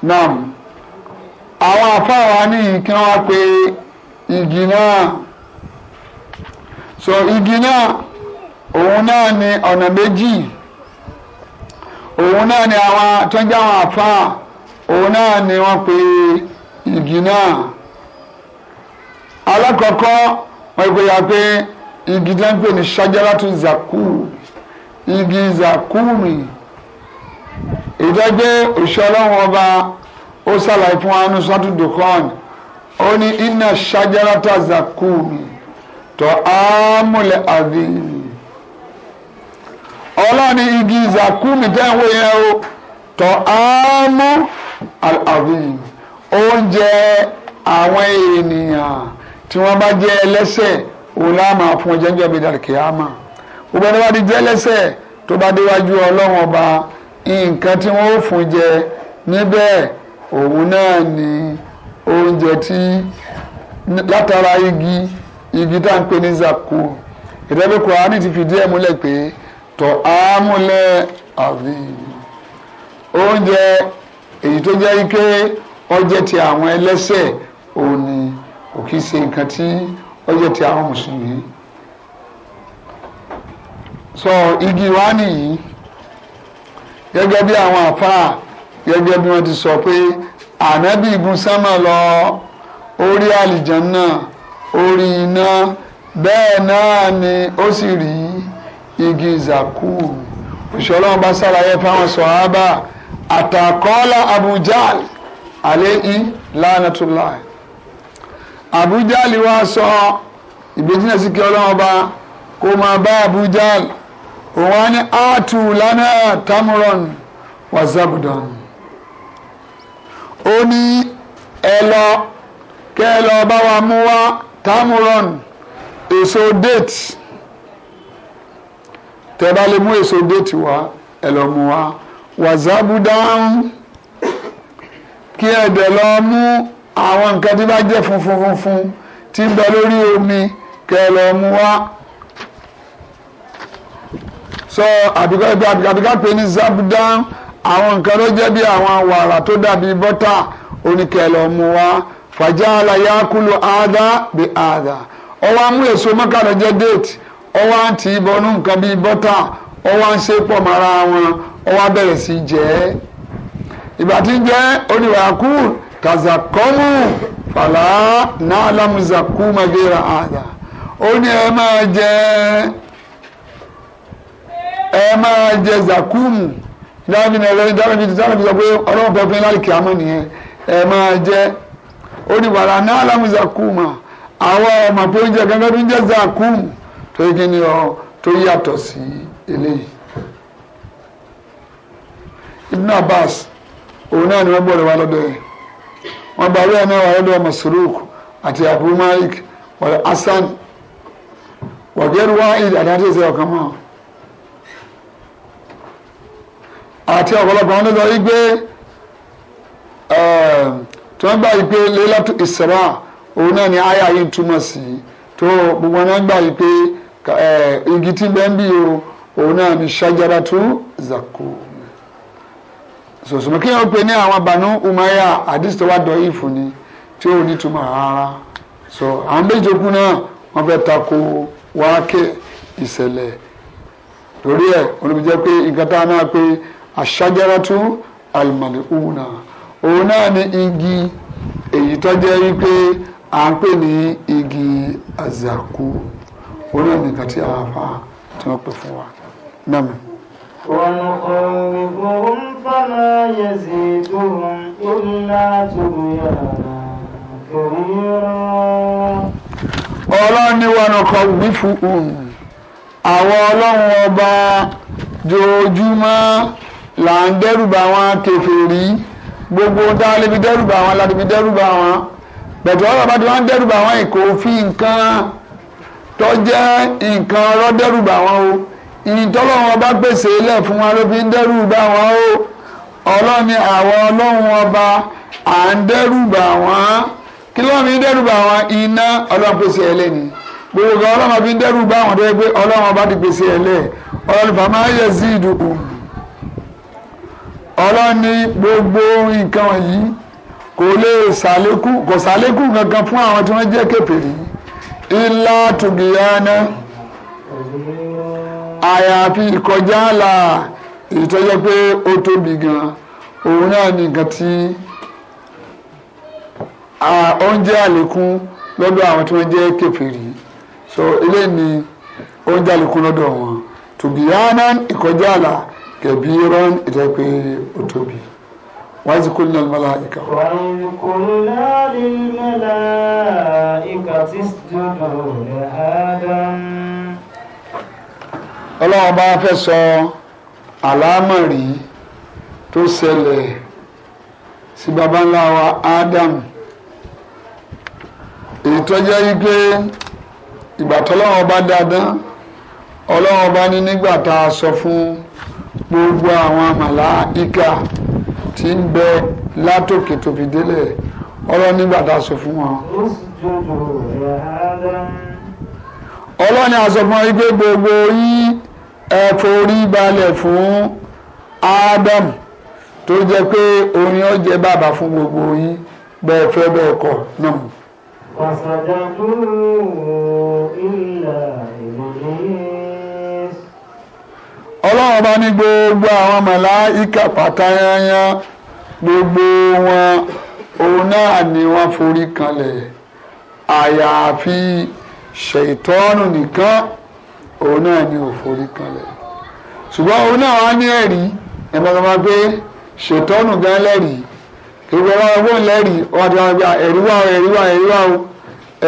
Nam, àwọn afáwa ní kí wọ́n pe igi náà so igi náà òun náà ni ọ̀nà méjì òun náà ni àwọn tó ń jẹ́ àwọn àfáà òun náà ni wọ́n pe igi náà alákọ̀ọ́kọ́ wọ́n pe ya pé igi náà ń pè ní ṣájárátù zakuru igi zakuru yìí ìdájẹ́ òṣìṣẹ́ ọlọ́run ọba ó ṣàlàyé fún wa nínú sọ́tún dùkọ́n ó ní iná ṣájárátà zakumi tọ́ ámúlẹ̀ àdìyí ọlọ́ni igi zakumi tẹ́wọ́ yẹn o tọ́ ámú àdìyí oúnjẹ àwọn ènìyàn tí wọ́n bá jẹ́ ẹlẹ́sẹ̀ òun láà máa fún ọjọ́ ìjọba ìdàlùkì àmà gbogbo ẹni wá di jẹ́ ẹlẹ́sẹ̀ tó bá déwájú ọlọ́run ọba nǹkan tí wọ́n ó fún jẹ níbẹ̀ òun náà ni oúnjẹ tí látara igi igi tá à ń pè ní zako ìrẹ́lẹ̀ kùránì ti fìdí ẹ̀ múlẹ̀ pé tọ̀ ámúlẹ̀ àfihàn oúnjẹ èyí tó jẹ́ ike ọjẹ́ ti àwọn ẹlẹ́sẹ̀ òun ni kò kí ṣe nǹkan tí ọjẹ́ ti àwọn mùsùlùmí sọ igi wa nìyí gẹ́gẹ́ bí àwọn àfáà gẹ́gẹ́ bí wọ́n ti sọ pé ànábì igun sánmà lọ orí àlìjánná orí iná bẹ́ẹ̀ náà ni ó sì rí igi zaku òṣìṣẹ́ ọlọ́run bá ṣàlàyé fáwọn sọ̀hábà àtàkọ́lá abujal àléhì lánàtúlá abujal wá sọ ìgbésí náà kí ọlọ́run bá kó máa bá abujal. So, òun á ní áàtù lánàá tamuron wazabudon ó ní ẹ lọ kẹ ẹ lọ bá wa mú wá tamuron èso déètì tẹ bá lè mú èso déètì wá ẹ lọ mú wá wazabudon kí ẹ dẹ̀ lọ mú àwọn nǹkan tí bá jẹ́ funfun funfun tí ń bẹ lórí omi kẹ ẹ lọ mú wá. so àbíkọ́ ẹgbẹ́ àbíkọ́ pé ní zabuda àwọn nǹkan ló jẹ́ bí àwọn wàrà tó dàbí bọ́tà oníkẹlẹ̀ ọmọ wa fàjà àlàyé àádá bí àádá ọwọ́ amú èso mọ́kànlá jẹ́ déètì ọwọ́ àǹtí ìbọnú nǹkan bíi bọ́tà ọwọ́ à ń ṣe pọ̀ mọ́ra wọn ọwọ́ abẹ́rẹ́ sí jẹ́ ìgbà tí ń jẹ́ oníwàkú kàzàkọ́mù fàlà náà lámùzàkú magera àádá ẹ máa jẹ zakumu dáhùn ní ẹlẹ́ni dáhùn ní sáà fi sọ pé ọlọ́run fẹ́ fún láì kíámọ́ nìyẹn ẹ máa jẹ ó ní wàrà náà lámù zakuma àwọn ọmọ pé oúnjẹ kankan tó ń jẹ zakumu tó yẹ kí ni ọ tó yàtọ̀ sí eléyìí. Ibn Abbas òun náà ni wọ́n bọ̀rẹ̀ wá lọ́dọ̀ yẹn wọ́n bá wíwá náà wà lọ́dọ̀ Masuruk àti Abu Malik wal Hasan wọ̀gẹ́rù wáhid àti àti ìṣẹ̀lẹ̀ ọ̀kan mọ́. àti ọ̀pọ̀lọpọ̀ wọn ló sọ wípé eh, tí wọ́n gbà wípé Laylatul Isra òun náà ni àyà yìí túmọ̀ sí tó gbogbo wọn gbà wípé eh, igi tí bẹ́ẹ̀ ń bí o òun náà ni Shajaratu Zakum sòsòmù kí wọ́n pe ní àwọn Banu Umayya àdìsí tó wá dọ̀ ìfù ni tí ò ní túmọ̀ rárá so àwọn méjì okùn náà wọ́n fẹ́ tako wáákè ìṣẹ̀lẹ̀ torí ẹ̀ olùbíjẹ́ pé nǹkan náà pé àṣàjáratu alimalihuna òun náà ni igi èyí tó jẹ́ wípé à ń pè ní igi azaku òun náà nìkan tí a fa tí wọ́n pè fún wa náà. ونخوفهم فما يزيدهم إلا طغيانا كبيرا ọlọ́run ni wọn kọ wí fún àwọn ọlọ́run ọba jòjúmọ́ là ń dẹ́rùbà wọn kèfèrí gbogbo tá a lè fi dẹ́rùbà wọn láti fi dẹ́rùbà wọn bẹ̀tẹ̀ wọn bàbá tí wọ́n ń dẹ́rùbà wọn kò fi nǹkan tó jẹ́ nǹkan ọ̀rọ̀ dẹ́rùbà wọn o ìtọ́lọ́ wọn bá pèsè ilẹ̀ fún wọn ló fi ń dẹ́rùbà wọn o ọlọ́run àwọn ọlọ́run ọba à ń dẹ́rùbà wọn kí ló fi ń dẹ́rùbà wọn iná ọlọ́run pèsè ẹlẹ́ni gbogbo ọlọ́run fi ń dẹ́rùbà wọn tó yẹ pé ọlọ́run ọba ti pèsè ẹlẹ́ ọlọ́run fàmáyé sí ìdùkú ọlọ́run ní gbogbo nǹkan yìí kò lè ṣàlékún kò ṣàlékún kankan fún àwọn tí wọ́n jẹ́ kèfèrí ńlá tùgìyànà àyàfi ìkọjá àlà ìtọ́jọ́ pé ó tóbi gan òun náà ní nǹkan tí oúnjẹ àlékún lọ́dọ̀ àwọn tí wọ́n jẹ́ kèfèrí so eléyìí ni oúnjẹ àlékún lọ́dọ̀ wọn tùgìyànà ìkọjá àlà kẹbíran ìtẹ́ pé ó tóbi wọ́n ti kó ní ọlọ́mọlá ìkà. wọ́n kò láàrí mẹ́lá ìkà tí dúdú rẹ̀ ádámù. ọlọ́run bá fẹ́ sọ àlámọ̀rí tó ṣẹlẹ̀ sí baba wa ádámù èyí tó jẹ́ wípé ìgbà tọ́lọ́run bá dáadáa ọlọ́run bá ní nígbà tá a sọ fún un gbogbo àwọn màláíkà tí ń bẹ látòkè tó fi délẹ̀ ọlọ́run nígbà tá a sọ fún wọn. ọlọ́run àsọ̀mọ́ igbe gbogbo yín ẹ forí balẹ̀ fún Ádámù tó jẹ́ pé orin ó jẹ́ bàbá fún gbogbo yín bẹ́ẹ̀ fẹ́ bẹ́ẹ̀ kọ̀ náà. wàsàdàkùn ìlà ìmọ̀lẹ́yìn ọlọ́run bá ní gbogbo àwọn màláíkà pátáyáyá gbogbo wọn òun náà ni wọ́n forí kanlẹ̀ àyàfi ṣètọ́nù nìkan òun náà ni ò forí kanlẹ̀ ṣùgbọ́n òun náà wá ní ẹ̀rí ẹ̀mọ́tọ́mọ́ pé ṣètọ́nù gan lẹ́rìí gbogbo ọlọ́run ọgbọ́n lẹ́rìí wọ́n ti wá gba ẹ̀rí wá ẹ̀rí wá ẹ̀rí wá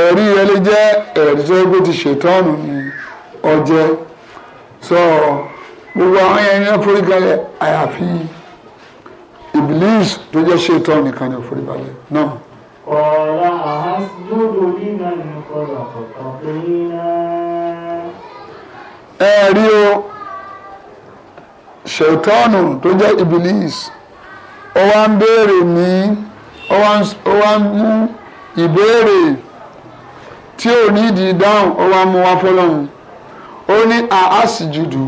ẹ̀rí rẹ ẹ̀rí tó ti ṣètọ́nù ni ọjẹ́ sọ. So, gbogbo àwọn yẹn yẹn forí kalẹ̀ àyàfi iblis tó jẹ́ ṣètò nìkan ni forí balẹ̀ náà. ọ̀rọ̀ àásùdòdò nínú ìkọlà kọ̀ọ̀kan pé náà. ẹ rí o ṣètọ́nù tó jẹ́ iblis ó wá ń béèrè ní ó wá ń mú ìbéèrè tí ò ní ìdí dáhùn ó wá ń mú wá fọlọ́run ó ní àásìjùdù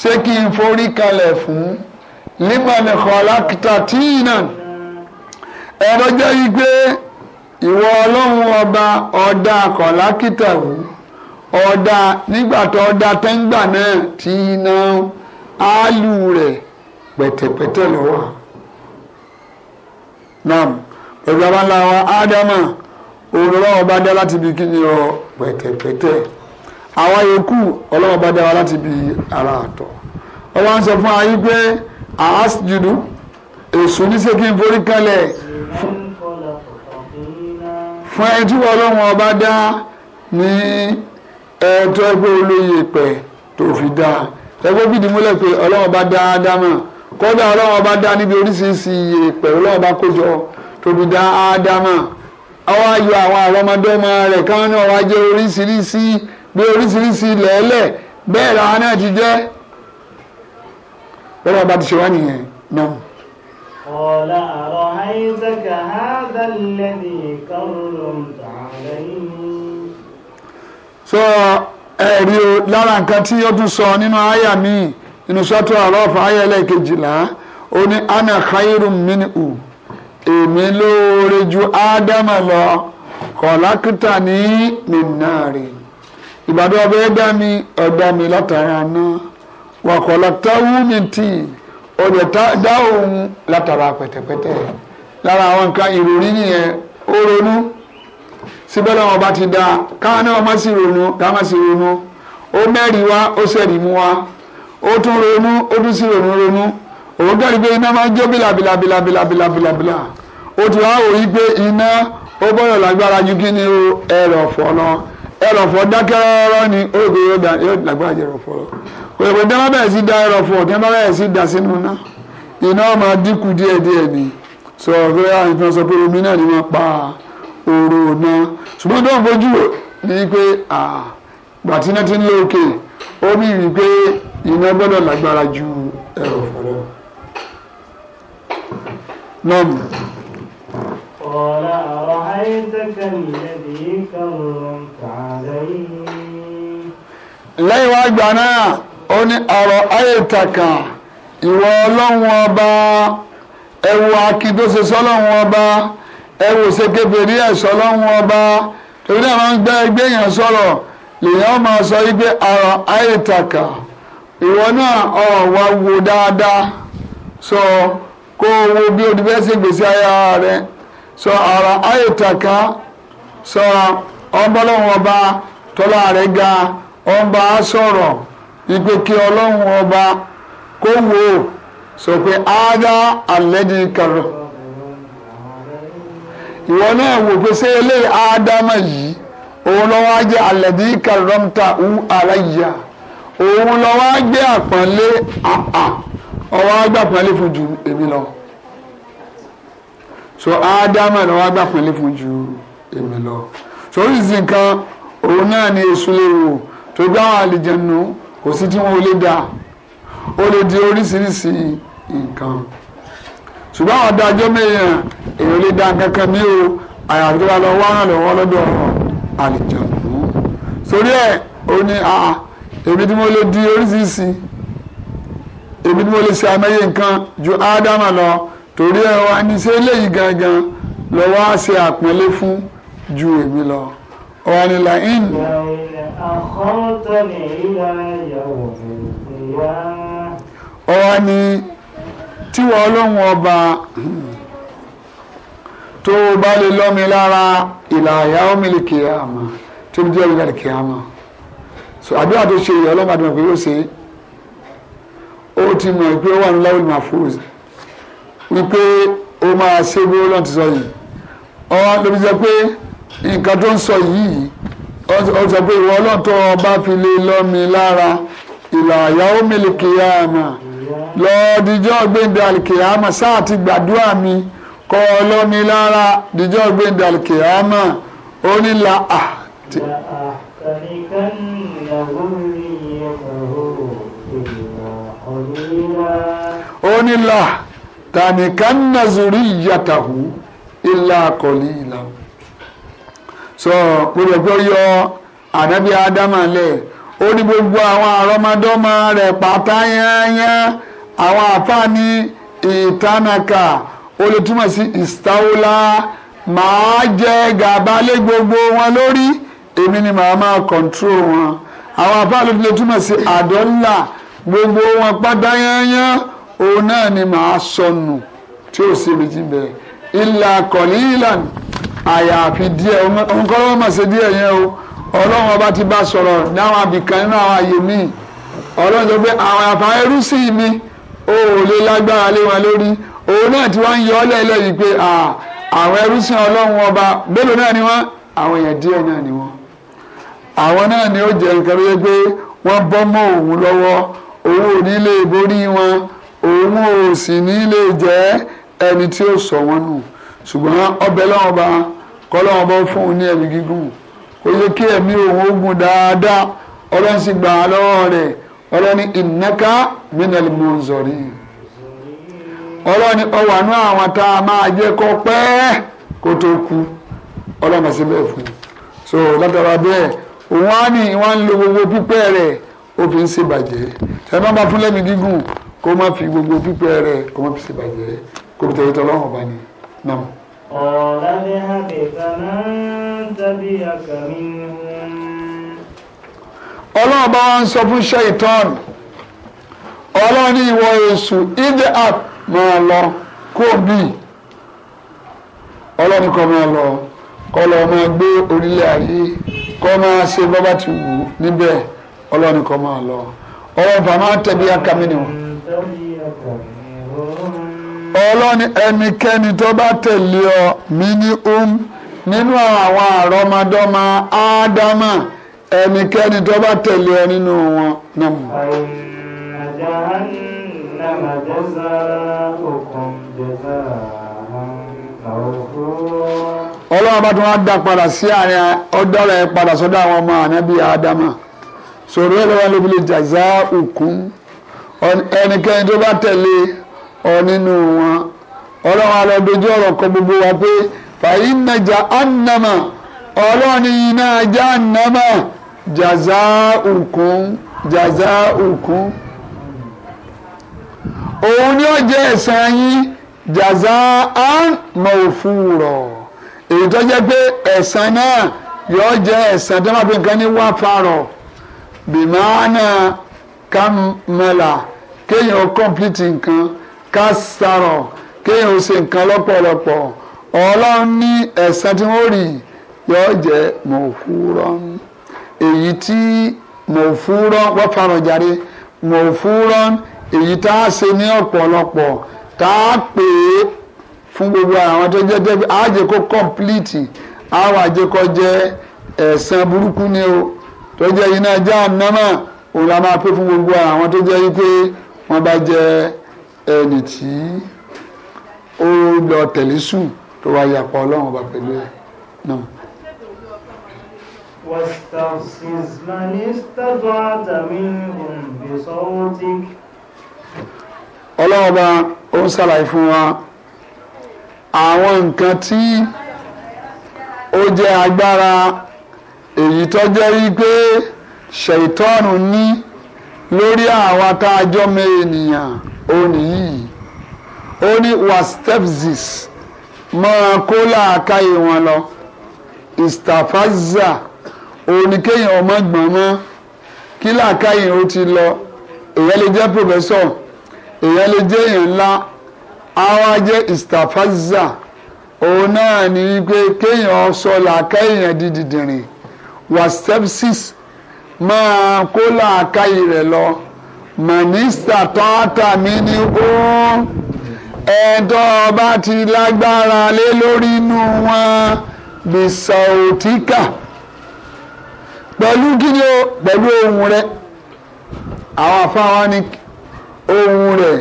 ṣé kí n forí kalẹ̀ fún limani kọlákítà tíìnà ẹ̀rọ jẹ́ igbe ìwọ ọlọ́run ọba ọ̀dà kọlákítà wù ọ̀dà nígbà tó ọ̀dà tẹ́ńgbà náà tíìnà áálù rẹ̀ pẹ̀tẹ̀pẹ̀tẹ̀ lọ́wọ́ nam pẹ̀lú abáńlá wa ádámà òun lọ́wọ́ ọba dá láti ibi kí ni ọ pẹ̀tẹ̀pẹ̀tẹ̀ àwọn yòókù ọlọ́wọ́ bá dá láti bi ara àtọ̀ ọwọ́ à ń sọ fún ayé pé àásìjùdù èso níṣe kí n forí kalẹ̀ fún ẹni tí ọlọ́wọ́ ọba dá ní ẹ̀ẹ́dọ́ ẹgbẹ́ olóye pẹ̀ tó fi dá ẹgbẹ́ bídìí múlẹ̀ pé ọlọ́wọ́ bá dá ádámà kódà ọlọ́wọ́ bá dá níbi oríṣiríṣi iye pẹ̀ ọlọ́wọ́ bá kó jọ tó fi dá ádámà ọwọ́ ayọ̀ àwọn àwọn ọmọ rẹ̀ káwọn náà wá jẹ́ oríṣiríṣi bí oríṣiríṣi ilẹ̀ ẹlẹ̀ bẹ́ẹ̀ làwọn náà ti jẹ́ bọ́lá ọba ti ṣe wá nìyẹn náà. قال أرأيتك هذا الذي كرمت عليه so ẹ̀rí o lára nǹkan tí ó tún sọ nínú àyà mi nínú sọ́tọ̀ àrọ́ọ̀fù àyà ẹlẹ́ẹ̀kejìlá ó ní ana khairun minhu èmi lóore ju ádámà lọ kọ̀lákítà ní nìnnárì ìbàdàn ọbẹ̀ ẹ dá mi ọ̀dá mi látara náà wàkọ̀ látàwù mi tì ọ̀dẹ̀ dá òun látara pẹ̀tẹ̀pẹ̀tẹ̀ lára àwọn nǹkan ìròrí nìyẹn ó ronú síbẹ̀ lọ́wọ́ bá ti dá káwọn náà má sì ronú ká má sì ronú ó mẹ́rin wá ó sẹ́rin mú wá ó tún ronú ó tún sì ronú ronú òun kẹ́rin pé iná máa ń jó bílàbílàbílàbílàbílàbílà ó ti wá òyìn pé iná ó gbọ́dọ̀ lágbára ju kí ni ẹ̀rọ̀ fọ́ ẹrọ̀fọ̀ dákẹ́rọ́rọ́ ni ó gbé yóò òyìnbó tí bẹ̀rẹ̀ sí da ẹrọ̀fọ̀ tí wọ́n bẹ̀rẹ̀ sí da sínú iná iná máa dínkù díẹ̀ díẹ̀ ni sọ sọ pé omi náà ni wọ́n pa òru ṣùgbọ́n iná gbọ́dọ̀ lágbára ju ẹrọ̀fọ̀ قال أرأيتك الذي كرمت عليه náà ó ní ọ̀rọ̀ ayétaka ìwọ ọlọ́run ọba ẹwù akíndóṣe sọlọ́run ọba ẹwù ọba torí náà máa ń gbẹ́ ẹgbẹ́ máa sọ wípé ìwọ náà ọ wa wo dáadáa sọ kó o wo bí o ti fẹ́ ayé ara sọ ọ̀rọ̀ ayetaka sọ ọbọlọ́hún ọba tọ́lá rẹ̀ ga ọba sọ̀rọ̀ ìpè kí ọlọ́hún ọba kó wò ó sọ pé ádá àlẹ́dí kàrọ̀ ìwọ náà wò pé ṣé eléyìí ádámà yìí òun lọ́wọ́ á jẹ́ àlẹ́dí kàrọ̀ ń ta ú òun lọ́wọ́ á gbé àpọ́nlé àà ọwọ́ á gbàpọ́nlé èmi lọ so Adama na wá gbà pẹ́lẹ́ fún ju èmi lọ sórí ìsìn kan òun náà ni èṣù lè wò tó gbá àwọn àlìjẹnu kò sí tí wọn ò lè dà ó lè di oríṣiríṣi nǹkan ṣùgbọ́n àwọn adájọ́ mẹ́yàn èèyàn lè dá kankan ní o àyàfi tó bá lọ wá ràn lọ́wọ́ lọ́dọ̀ àlìjẹnu sórí ẹ̀ ó ní àà èmi tí mo lè di oríṣiríṣi èmi tí mo lè ṣe àmẹ́yẹ nǹkan ju Adama lọ torí ẹ wá ní ṣe eléyìí gangan lọ wá ṣe àpọ́nlé fún ju èmi lọ ọ̀rọ̀ ànilà in. ọ̀rọ̀ ni tíwọ́ ọlọ́run ọba tó bá lè lọ́mi lára ìlà àyà ọmọlẹ̀ kìyàmà tó bí díẹ̀ ìlànà kìyàmà so àdúrà tó ṣe ìyá ọlọ́mọdé mọ̀ pé yóò ṣe ó ti mọ̀ pé wà ní láwùjọ àfọwọ́sí wípé ó máa ṣe bí ó lọ́n ti sọ yìí ọ̀hún ló fi sọ pé nǹkan tó ń sọ yìí ó sọ pé ìwọ ọlọ́run tó bá fi lè lọ́ mi lára ìlà àyàwó mi lè kíyàmà lọ́ọ́díjọ́ gbẹ̀ndẹ̀ àlìkìyàmà sáà ti gbàdúrà mi kọ́ ọlọ́mi lára díjọ́ gbẹ̀ndẹ̀ àlìkìyàmà ó ní la à. ó ní la tànìkan nàzùrí ìyàtàhù ilà kọ̀lì ìlà sọ gbogbo yọ ànábì ádámà lẹ̀ ó ní gbogbo àwọn àrọmọdọ́mọ rẹ̀ pátá yányán àwọn àfáàní ìtànàkà ó lè túmọ̀ sí ìstáwólá màá jẹ gàba lé gbogbo wọn lórí èmi ni màá máa kọ̀ǹtró wọn àwọn àfáàní lè túmọ̀ sí àdọ́là gbogbo wọn pátá òun náà ni màá sọnù tí ò sí ibi jíǹbẹ ìlà kọ̀lí ìlànà àyàfi díẹ̀ òǹkọ́ lọ́wọ́ mà ṣe díẹ̀ yẹn o ọlọ́run ọba ti bá sọ̀rọ̀ láwọn abìkan nínú àwọn àyè míì ọlọ́run sọ pé àwọn àfà ẹrú sí mi o ò lè lágbára lé wọn lórí òun náà tí wọ́n ń yọ ọ́ lẹ́yìn pé àwọn ẹrú sí ọlọ́run ọba mélòó náà ni wọ́n àwọn èèyàn díẹ̀ náà ni wọ́n àwọn náà ni ó jẹ́ nǹkan tó yẹ pé wọ́n bọ́ mọ́ òun lọ́wọ́ òun ò ní lè borí wọn òun ò sì ní lè jẹ́ ẹni tí ó sọ wọn nù ṣùgbọ́n ọbẹ̀ lọ́wọ́ bá bá fún un ní gígùn ó yẹ kí ẹ̀mí òun ogun dáadáa ọlọ́run sì gbà á rẹ̀ ọlọ́ni ọwà àwọn tá a máa kó tó kú fún un so látara ní lo gbogbo kó má fi gbogbo pípẹ́ rẹ̀ kó má fi ṣe bàjẹ́ kó fi tẹ̀lé tọ́lọ́run ọba ni náà. ọ̀rọ̀ ni a bẹ̀ tánà tàbí àkàmì ọlọ́run bá wọn sọ fún ṣẹ́ìtọ́n ọlọ́run ní ìwọ èṣù ìdè app máa lọ kó bì ọlọ́run kọ́ máa lọ kọ́ lọ máa gbé orílẹ̀ ayé kọ́ máa ṣe bọ́bá ti wù níbẹ̀ ọlọ́run kọ́ máa lọ ọlọ́run bá máa tẹ̀lé akamínú. ọlọ́ni ẹnikẹ́ni tó bá tẹ̀lé ọ mí ní um nínú àwọn àrọ́mọdọ́mọ ádámà ẹnikẹ́ni tó bá tẹ̀lé ọ nínú wọn náà. ọlọ́run bá tún wá dá padà sí àárín padà sọ́dọ̀ àwọn ọmọ ádámà sọ̀rọ̀ ẹ̀ lọ́wọ́ ẹnikẹ́ni tó bá tẹ̀lé ọ nínú wọn ọlọ́run alọ́dojú ọ̀rọ̀ kan gbogbo wa pé fàyí nàjà ànàmà ọlọ́run iná ajá ànàmà jàzá òkun jàzá òkun òun ni ó jẹ́ ẹ̀san yín jàzá àmọ̀ òfin rọ̀ èyí tó jẹ́ pé ẹ̀san náà yóò jẹ́ ẹ̀san tó máa fi nǹkan ní wàá farọ̀ bìmọ̀ àná kàmẹ́là kéèyàn ó kọ́ńpìtì nǹkan ká sàrọ̀ kéèyàn ó ṣe nǹkan lọ́pọ̀lọpọ̀ ọlọ́run ní ẹ̀san tí wọ́n rì yóò jẹ́ mọ̀fúrọ́ èyí tí mọ̀fúrọ́ wọ́n farọ̀ jáde mọ̀fúrọ́ èyí tá a ṣe ní ọ̀pọ̀lọpọ̀ tá a pè é fún gbogbo àwọn tó jẹ́ débi àjẹkọ́ kọ́ńpìtì àwọn àjẹkọ́ jẹ́ ẹ̀san burúkú ni o tó jẹ́ iná jáàmù náà òun la máa pé fún gbogbo àwọn tó jẹ́ wípé wọ́n bá jẹ́ ẹni tí ó lọ tẹ̀lé sùn tó wá yàpọ̀ ọlọ́run ọba pẹ̀lú ẹ̀ náà. واستغفز من استطعت منهم بصوتك ó ń ṣàlàyé fún wa àwọn nǹkan tí ó jẹ́ agbára èyí tó jẹ́ wípé ṣèitọ́nù ní lórí àwa tá a jọ mọ ènìyàn ó nìyí ó ní wastepsis máa kó làákàyè wọn lọ istafaza oníkéyìn ọmọ gbọ̀n mọ́ kí làákàyè ó ti lọ èèyàn lè jẹ́ pòfẹ́sọ̀ èèyàn lè jẹ́ èèyàn ńlá àwa jẹ́ istafaza òun náà ní wípé kéèyàn sọ làákàyè yẹn di dìdìrìn wastepsis máa kó làákàyè rẹ̀ lọ mọ̀nísítà tọ́ta mi ni ó ẹ̀dọ́ ọba ti lágbára lé lórí inú wọn bisautika pẹ̀lú kíni o pẹ̀lú ohun rẹ̀ àwọn afáwọn ni ohun rẹ̀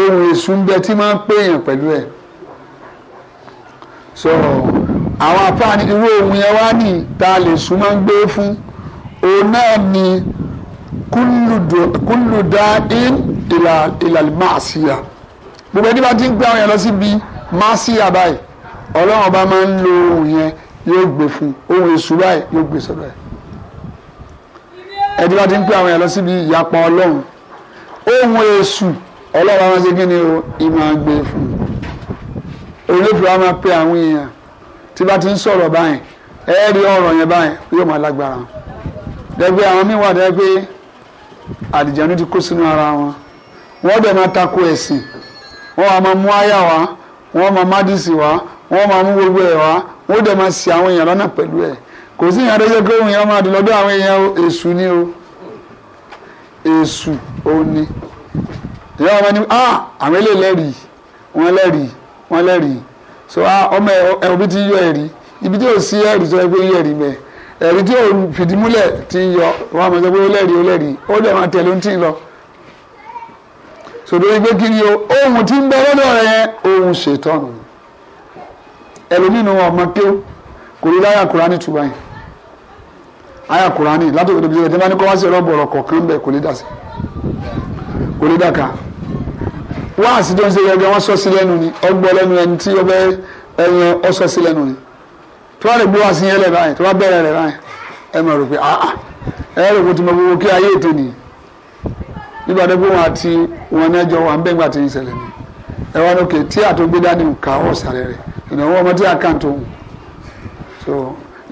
ohun èṣù ń tí máa ń pèèyàn pẹ̀lú ẹ̀ so àwọn afáwọn irú ohun yẹn wá ní ta lè sùn máa ń gbé fún òun náà ni kúlù dáín ìlàlí màásíà gbogbo ẹni bá ti ń gbé àwọn yẹn lọ síbi màásíà báyìí ọlọ́run ọba máa ń lo ohun yẹn yóò gbé fún ohun èṣù báyìí yóò gbé sọ́dọ̀ ẹ̀ ẹni bá ti ń gbé àwọn yẹn lọ síbi ìyapa ọlọ́run ohun èṣù ọlọ́run àwọn ṣe kí ni o ìmọ̀ gbé fún olóòfin wa máa pe àwọn èèyàn tí bá ti ń sọ̀rọ̀ báyìí ẹ̀ẹ́rì ọ̀rọ̀ yẹn báyìí yóò máa lágbára wọn dẹ́gbẹ́ àwọn míì wà dẹ́gbẹ́ àdìjẹ́nu ti kó sínú ara wọn wọ́n dẹ̀ máa tako ẹ̀sìn wọ́n á máa mú àyà wá wọ́n máa mádìsì wá wọ́n máa mú gbogbo ẹ̀ wá wọ́n dẹ̀ máa ṣì àwọn èèyàn lọ́nà pẹ̀lú ẹ̀ kò sí ìyàn adéjọ́ pé òun yẹn máa dì lọ́dọ̀ àwọn èèyàn èṣù ni o èṣù òun ni ìyá ọmọ ni ah àwọn eléyìí lẹ́rìí wọ́n lẹ́rìí wọ́n lẹ́rìí so ah ọmọ ẹ̀ òbí ti yọ ẹ̀rí ibi tí ò sí ẹ̀rí tó ẹgbẹ́ yọ ẹ̀rí mẹ́ẹ̀ ẹ̀rí tí òun fìdímúlẹ̀ ti yọ wọn àmọ́ sọ pé ó lẹ́rìí ó lẹ́rìí ó dẹ̀ máa tẹ̀lé ohun tí ń lọ. sòdò ìgbé kiri o ohun tí ń bẹ lọ́dọ̀ rẹ yẹn ohun ṣètọ́nù ẹlòmínú ọmọ pé kò rí láyà kúránì túbà yìí àyà kúránì látòkè tóbi jẹ́ ní kọ́ wá sí ọlọ́bọ̀rọ̀ kọ̀ọ̀kan bẹ̀ kò ní dà sí kò ní dà ká wá àsìdó ń ṣe gẹ́gẹ́ wọ́n sọ sí lẹ́nu ni ọgbọ́ lẹ́nu ẹni tí ọbẹ̀ ẹ̀yẹn ọ sọ sí lẹ́nu ni tó bá lè gbó wá sí yẹn lẹ̀ báyìí tó bá bẹ̀rẹ̀ rẹ̀ báyìí ẹ máa rò pé ah, ah ẹ rò pé tí mo gbogbo kí ayé ètò nìyí nígbà tó gbóhùn àti wọn ní ẹjọ́ wà ń bẹ́ngbà tí ń ṣẹlẹ̀ ni ẹ wá lókè tí àtògbé dání nǹka ọ̀ sàrẹ̀ rẹ̀ ìnáwó ọmọ tí a kàn tó hùn so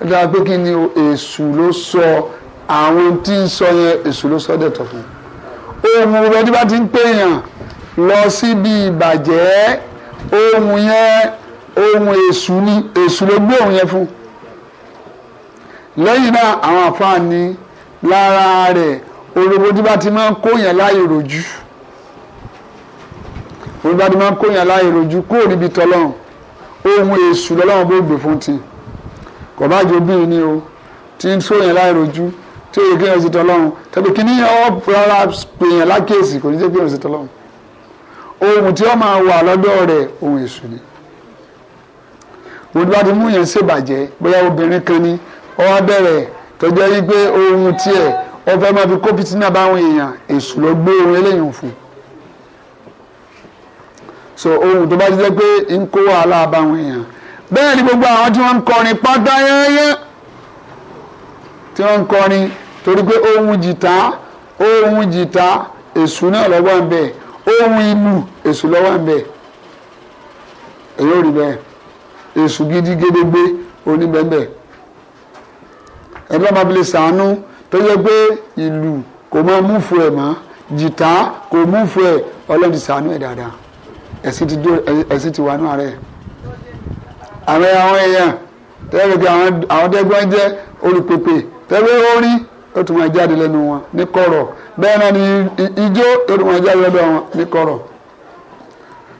dáadáa pé kí ni èṣù ló sọ àwọn tí ń sọ yẹn èṣù ló sọ dẹ̀ tọ̀ fún ohun gbogbo bá ti ń pèèyàn lọ síbi ìbàjẹ́ ohun yẹn ohun èṣù ni èṣù ló gbé òun yẹn fún lẹ́yìn náà àwọn àfáà ní lára rẹ̀ olùbọ́dí bá ti máa ń kóyàn láì rojú olùbọ́dí bá ti máa ń kóyàn láì rojú kúrò níbi tọ́lọ́run ohun èṣù lọ́lọ́run bó gbè fún ti kò bá jẹ́ obìnrin ni o ti ń sóyàn láì rojú tí òye kéèyàn sí tọ́lọ́run tàbí kí ní ọ̀pọ̀ rárá pèèyàn lákèésì kò ní jẹ́ kéèyàn sí tọ́lọ́run ohun tí ó máa wà lọ́dọ̀ rẹ̀ ohun èṣù ni olùwádìí mú yẹn ṣèbàjẹ́ bóyá obìnrin kan ni ó wá bẹ̀rẹ̀ tó jẹ́ wípé ohun tiẹ̀ ó fẹ́ máa fi kó fìtínà báwọn èèyàn èṣù ló gbé ohun eléyìí fún so ohun tó bá ti jẹ́ pé ń kó wàhálà báwọn èèyàn bẹ́ẹ̀ ni gbogbo àwọn tí wọ́n ń kọrin pátá yẹ́yẹ́ tí wọ́n ń kọrin torí pé ohun jìtá ohun jìtá èṣù náà lọ́wọ́ ń bẹ̀ ohun ìlú èṣù lọ́wọ́ ń bẹ̀ èyí ò rí bẹ́ẹ̀ èṣù gidi gédégbé oníbẹ̀bẹ̀ ẹgbẹ́ máa fi lè sàánú tó yẹ pé ìlú kò mọ mú fún ẹ̀ mọ́ jìtá kò mú fún ẹ̀ ọlọ́run ti sàánú ẹ̀ dáadáa ẹ̀sìn ti wà nù ààrẹ ààrẹ àwọn èèyàn tẹ́lẹ̀ pé àwọn tẹ́gbọ́n jẹ́ olùpèpè tẹ́lẹ̀ orí ó tún máa jáde lẹ́nu wọn ní kọ̀rọ̀ bẹ́ẹ̀ náà ni ijó ó tún máa jáde lẹ́nu wọn ní kọ̀rọ̀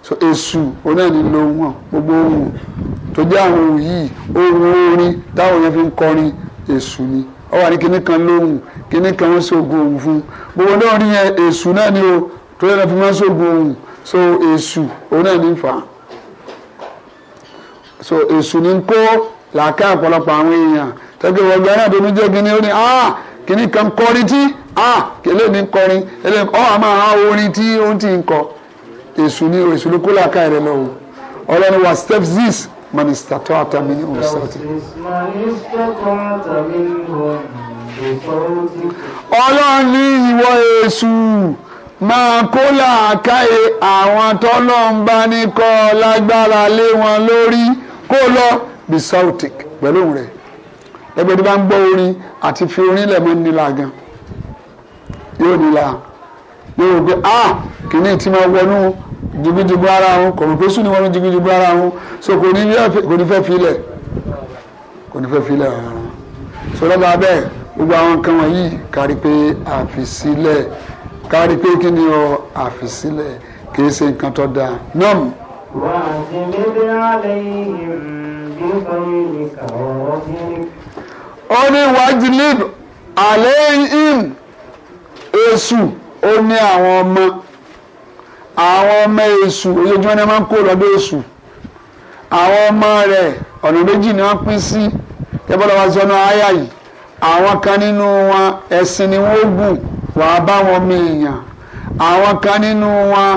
so èṣù onáàní ló wọn gbogbo ohun tó jẹ́ àwọn ohun yìí ohun orin táwọn yẹn fi ń kọrin èṣù ni ó wà ní kinní kan lóhùn kinní kan ń ṣoògùn ohun fún gbogbo náà rí yẹn èṣù náà ni o tó yẹ fi máa ń ṣoògùn ohun so èṣù onáàní fà á so èṣù ni ń kó làákà ọ̀pọ̀lọpọ̀ àwọn èèyàn tẹ́gbẹ́ wọ́n gbẹ́ náà tó ní jẹ́ kinní ó ní ah kinní kan kọrin tí ah eléyìí ní kọrin eléyìí ọ̀ àmọ́ àwọn orin tí ó ń ń kọ èṣù ní o èṣù ló kó làákà rẹ̀ náà o ọlọ́run wa step six mani sàtọ́ àtàmì ní òun sàtì. ọlọ́run ní ìwọ èṣù máa kó làákàyè àwọn tọ́lọ́run bá ní kọ́ lágbára lé wọn lórí kó lọ bisautik pẹ̀lú rẹ̀ ẹgbẹ́ tó bá ń gbọ́ orin àti fi orin lẹ̀ mọ́ nílà gan yóò nílà yóò rò pé ah kìíní tí máa wọnú jìbìjìbì ara wọn kò rò pé sùn ní wọnú jìbìjìbì ara wọn so kò ní fẹ́ filẹ̀ kò ní fẹ́ filẹ̀ ara wọn so lọ́ba bẹ́ẹ̀ gbogbo àwọn nǹkan wọ̀nyí kárí pé àfìsílẹ̀ kárí pé kí ni ọ àfìsílẹ̀ kìí ṣe nǹkan tó dáa nọ́ọ̀mù. wà á ti lédè alẹ́ yìí bí báyìí ní kàwọ́ ọ́fíìnì. ó ní wájú lib alẹ́ yìí èṣù ó ní àwọn ọmọ àwọn ọmọ èṣù ojoojúmọ́ ni wọ́n máa ń kó lọ́dọ̀ èṣù àwọn ọmọ rẹ̀ ọ̀nà méjì ni wọ́n pín sí tẹ́bọ́lá wa sọ náà áyà yìí àwọn kan nínú wọn ẹ̀sìn ni wọ́n gùn wàá bá wọn mi èèyàn àwọn kan nínú wọn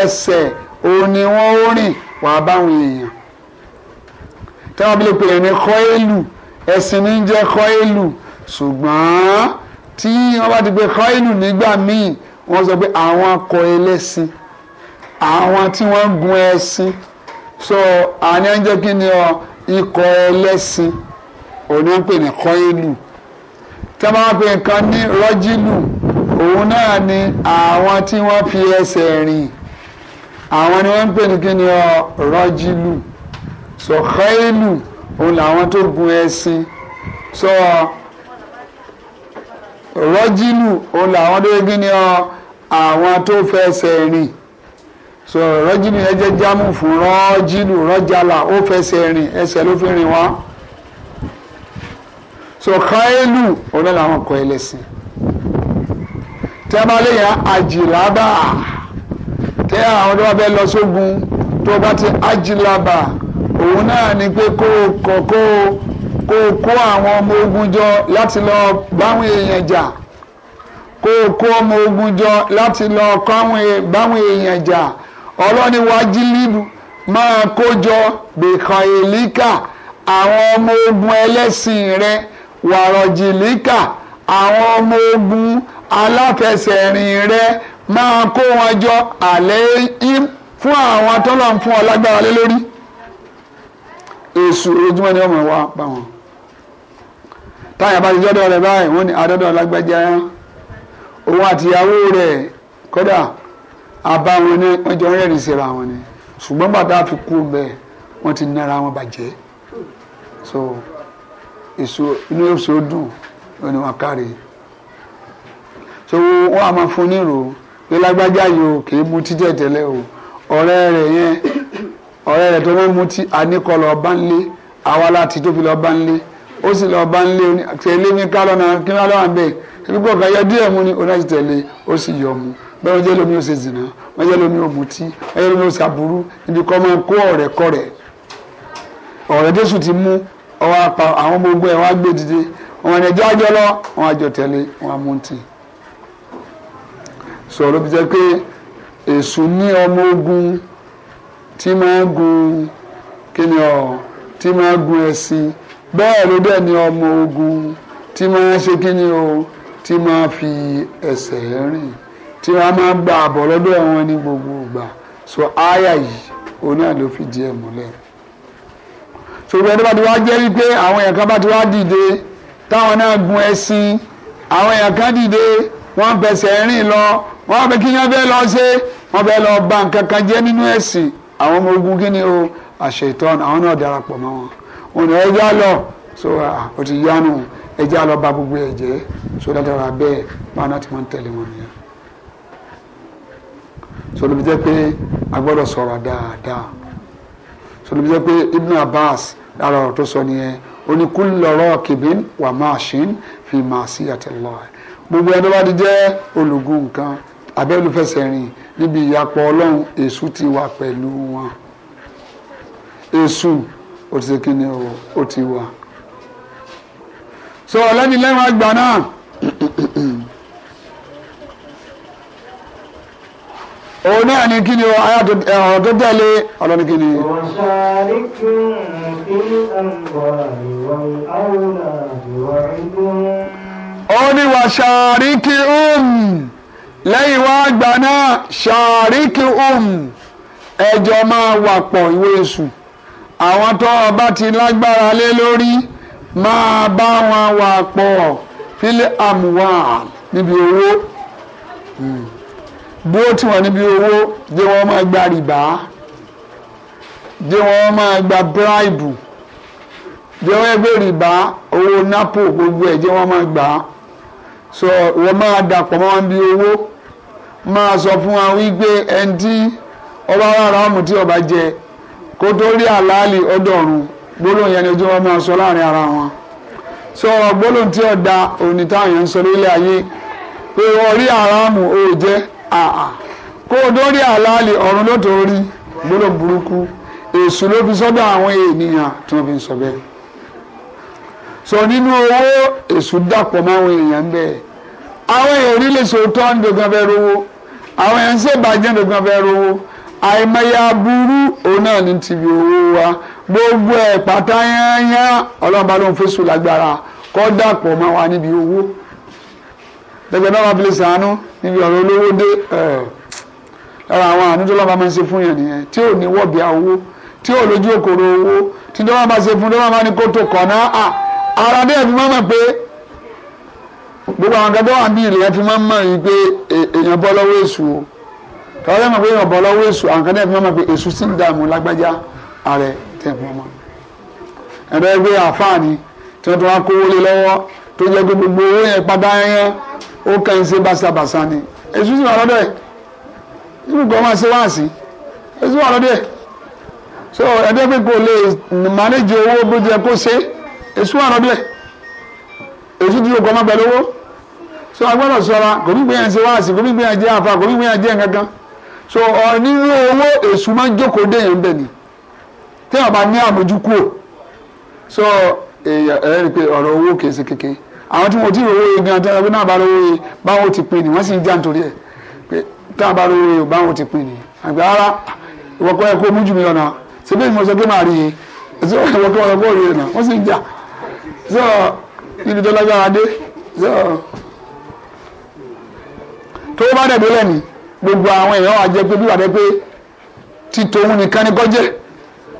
ẹsẹ̀ òun ni wọ́n ó rìn wàá bá wọn èèyàn tẹ́wọ́n bí lè pè é ní kọ́ èlù ẹ̀sìn ní jẹ́ kọ́ èlù ṣùgbọ́n tí wọ́n bá ti pe kọ́ìnù nígbà míì wọ́n sọ pé àwọn akọ ẹlẹ́sìn àwọn tí wọ́n gun ẹṣin so àní ń jẹ́ kí ni ọ ikọ̀ ẹlẹ́sìn òní ń pè ní kọ́ìnù tí wọ́n bá pe nǹkan ní rọ́jìlù òun náà ni àwọn tí wọ́n fi ẹsẹ̀ rìn àwọn ni wọ́n ń pè ní kí ni ọ rọ́jìlù so kọ́ìnù òun làwọn tó gun ẹṣin so. Uh, rọ́jìlù òun làwọn tó ni ní ọ àwọn tó fẹsẹ̀ rìn so rọ́jìlù yẹn jẹ́ jámù fún rọ́jìlù rọ́jàlà ó fẹsẹ̀ rìn ẹsẹ̀ ló fi rìn wá so káyélù òun làwọn kọ ẹlẹ́sìn tẹ́bálẹ̀ yẹn àjìlábà tẹ́ àwọn tó bá fẹ́ lọ sógun tó bá ti àjìlábà òun náà ni pé kó o kó kó o kó àwọn ọmọ ogun jọ láti lọ báwọn èèyàn jà kó o kó ọmọ ogun jọ láti lọ kọ́ báwọn e, èèyàn jà ọlọ́ni wájílíbù máa kó jọ bìkan èlíkà àwọn ọmọ ogun ẹlẹ́sìn rẹ wàrọ̀jìlíkà àwọn ọmọ ogun aláfẹsẹ̀rìn rẹ máa kó wọn jọ àlẹ́ yín fún àwọn tọ́lọ̀ ń fún ọ lágbára lé lórí èṣù ojoojúmọ́ ni wọ́n máa wá pa wọn táyà bá ti dọ́dọ̀ rẹ̀ báyìí wọ́n ní adọ́dọ̀ lágbájá òun àtìyàwó rẹ̀ kódà àbá wọn ni wọ́n jọ ń rẹ́rìn síra wọn ni ṣùgbọ́n bàtà fi kú bẹ́ẹ̀ wọ́n ti nára wọn bàjẹ́ so èso inú èso dùn ni wọ́n kárí so wọ́n á fún nírò pé yìí o kì í mu títẹ̀ tẹ́lẹ̀ o ọ̀rẹ́ rẹ̀ yẹn ọ̀rẹ́ rẹ̀ tó wọ́n mú tí a ní kọ́ lọ bá ń lé àwa láti tó fi lọ bá ń lé ó sì lọ bá ń lé tẹ̀lé ní kálọ̀ náà kí wọ́n lọ́wọ́ bẹ́ẹ̀ ìdúgbò kan yọ díẹ̀ mú ni ó náà ti tẹ̀lé ó sì yọ mu bẹ́ẹ̀ wọ́n jẹ́ lómi ó ṣe zìnà wọ́n jẹ́ lómi ó mutí wọ́n jẹ́ lómi ó ṣàbúrú ibi kọ́ máa kó ọ̀rẹ́ kọ́ rẹ̀ ọ̀rẹ́ tó sùn ti mú ọwọ́ apá àwọn gbogbo ẹ̀ wọ́n á ni ẹjọ́ àjọ lọ wọn àjọ tẹ̀lé wọn á mú tì sọ̀rọ̀ bí jẹ́ tí máa ń gun kíni ọ tí máa ń gun ẹṣin bẹ́ẹ̀ ló dẹ̀ ní ọmọ ogun tí máa ń ṣe kíni o tí máa fi ẹsẹ̀ rìn tí wọ́n máa gba àbọ̀ lọ́dọ̀ wọn ní gbogbo ìgbà so aya yìí òun náà ló fi díẹ̀ múlẹ̀ so ìgbà tó bá ti wá jẹ́ wípé àwọn èèyàn kan bá ti wá dìde táwọn náà gun ẹṣin àwọn èèyàn kan dìde wọ́n fẹsẹ̀ rìn lọ wọ́n fẹ́ kí yẹn fẹ́ lọ ṣe wọ́n fẹ́ lọ bà nǹkan kan jẹ́ nínú ẹ̀sìn àwọn ọmọ ogun kíni o àṣetán àwọn náà darapọ̀ mọ́ wọn wọn ni ẹja lọ so ó ti yánu ẹja lọ ba gbogbo ẹ jẹ so dáadáa bẹ́ẹ̀ báwọn náà ti máa ń tẹ̀lé wọn nìyẹn so ló fi jẹ́ pé a gbọ́dọ̀ sọ̀rọ̀ dáadáa so ló fi jẹ́ pé Ibn Abbas lára ọ̀rọ̀ tó sọ nìyẹn ó ní kullu rakibin wa mashin fi ma'siyati Allah gbogbo ẹni tó bá ti jẹ́ olùgùn nǹkan abẹ́lúfẹsẹ̀rìn níbi ìyapọ̀ ọlọ́run èṣù ti wà pẹ̀lú wọn èṣù ó ti ṣe kí ni o ó ti wà. so ọlẹ́ni lẹ́wọ̀n àgbà náà òun náà ni kí ni o ọ̀rọ̀ tó tẹ̀lé ọ̀rọ̀ ni kí ni. وشاركهم في الأموال والأولاد وعدهم. ó ní وشاركهم. lẹ́yìn wá gbà náà ṣàríkì ohun ẹjọ́ máa wà pọ̀ ìwé èṣù àwọn tó ọba ti lágbára lé lórí máa bá wọn wà pọ̀ fílẹ̀ àmúwà níbi owó hmm. bó tí níbi owó jẹ́ wọ́n máa gba rìbá jẹ́ wọ́n máa gba bíráìbù jẹ́ wọ́n gbé rìbá owó nápò gbogbo ẹ̀ jẹ́ wọ́n máa gbà á. so wọ́n máa dàpọ̀ mọ́ wọn bí owó máa sọ fún wa wípé ẹni tí ọba aráàmù tí ọba jẹ kó tó rí àlàálì ọdọọrùn gbólóhùn yẹn ni ojú wọn máa sọ láàrin ara wọn so gbólóhùn tí ọ̀dà òní táwọn sọ lórílẹ̀ ayé pé wọ́n rí àràmù jẹ́ àà kó o tó rí àlàálì ọ̀run ló tó rí gbólóhùn burúkú sọ nínú owó èṣù dàpọ̀ mọ́ àwọn èèyàn bẹ́ẹ̀ àwọn èèyàn rí lè sòótọ́ ń dogan fẹ́ rówó àwọn èèyàn ṣe bàjẹ́ ń dogan fẹ́ rówó àìmọye aburú òun náà ní tìbí owó wa gbogbo ẹ̀ pátá yányá ọlọ́run bá ló ń fésù lágbára kọ́ dàpọ̀ mọ́ wa níbi owó lẹ́gbẹ̀ẹ́ náà wà fi lè sàánú níbi ọ̀rọ̀ olówó dé lára àwọn àánú lọ́ba máa ń ṣe fún yẹn nìyẹn tí ò ní wọ̀bìà owó tí ò lójú òkòrò owó tí dọ́wọ́ bá ṣe fún dọ́wọ́ bá ní kó kọ̀ náà ara bẹ́ẹ̀ fi máa mọ̀ pé gbogbo àwọn kan tó wà bí ilẹ̀ fi máa mọ̀ yìí pé e-, èèyàn bọ́ lọ́wọ́ èṣù o káwọn yẹn mọ̀ pé èèyàn bọ́ lọ́wọ́ èṣù àwọn kan náà fi máa mọ̀ pé èṣù sì ń dààmú lágbájá ààrẹ tẹ̀ fún ẹ̀rọ ẹgbẹ́ àfáàní tí wọ́n ti wá kówó lé lọ́wọ́ tó jẹ́ pé gbogbo owó yẹn padà yẹn ó kàn ń ṣe bàṣàbàṣà ni èṣù sì wà lọ́dọ̀ ẹ̀ máa ṣe wáàsí so ẹ̀dẹ́gbẹ́ kò lè manage owó èṣù wà lọ́dọ̀ ẹ̀ èṣù ti yóò kọ́ ọmọ pẹ̀lú owó so agbọ́dọ̀ sọra kò ní gbìyànjú ṣe wáàsí kò ní gbìyànjú jẹ́ àfa kò ní gbìyànjú jẹ́ nǹkan kan so nínú owó èṣù máa ń jókòó déyàn bẹ̀ ni téèyàn bá ní àmójúkú o so èèyàn ẹ̀ rí pé ọ̀rọ̀ owó kìí ṣe kékeré àwọn tí wọn ò tí ì rówó yẹn gan tẹ́lẹ̀ pé náà bá rówó yẹn báwọn ti pin ni wọ́n sì ń já nítorí ẹ̀ pé táwọn bá rówó yẹn báwọn ti pin ni àgbà ara ìwọ̀kọ̀ ẹ̀ kó mú jù mí lọ́nà ṣé bí mo sọ pé màá rí yẹn ìwọ̀kọ̀ ẹ̀ kó rí yẹn náà wọ́n sì ń jà so ibi tó lágbára dé so tó bá dẹ̀ délẹ̀ ni gbogbo àwọn èèyàn wà jẹ́ pé bí wà dé pé títòun nìkan ni kọ́jẹ́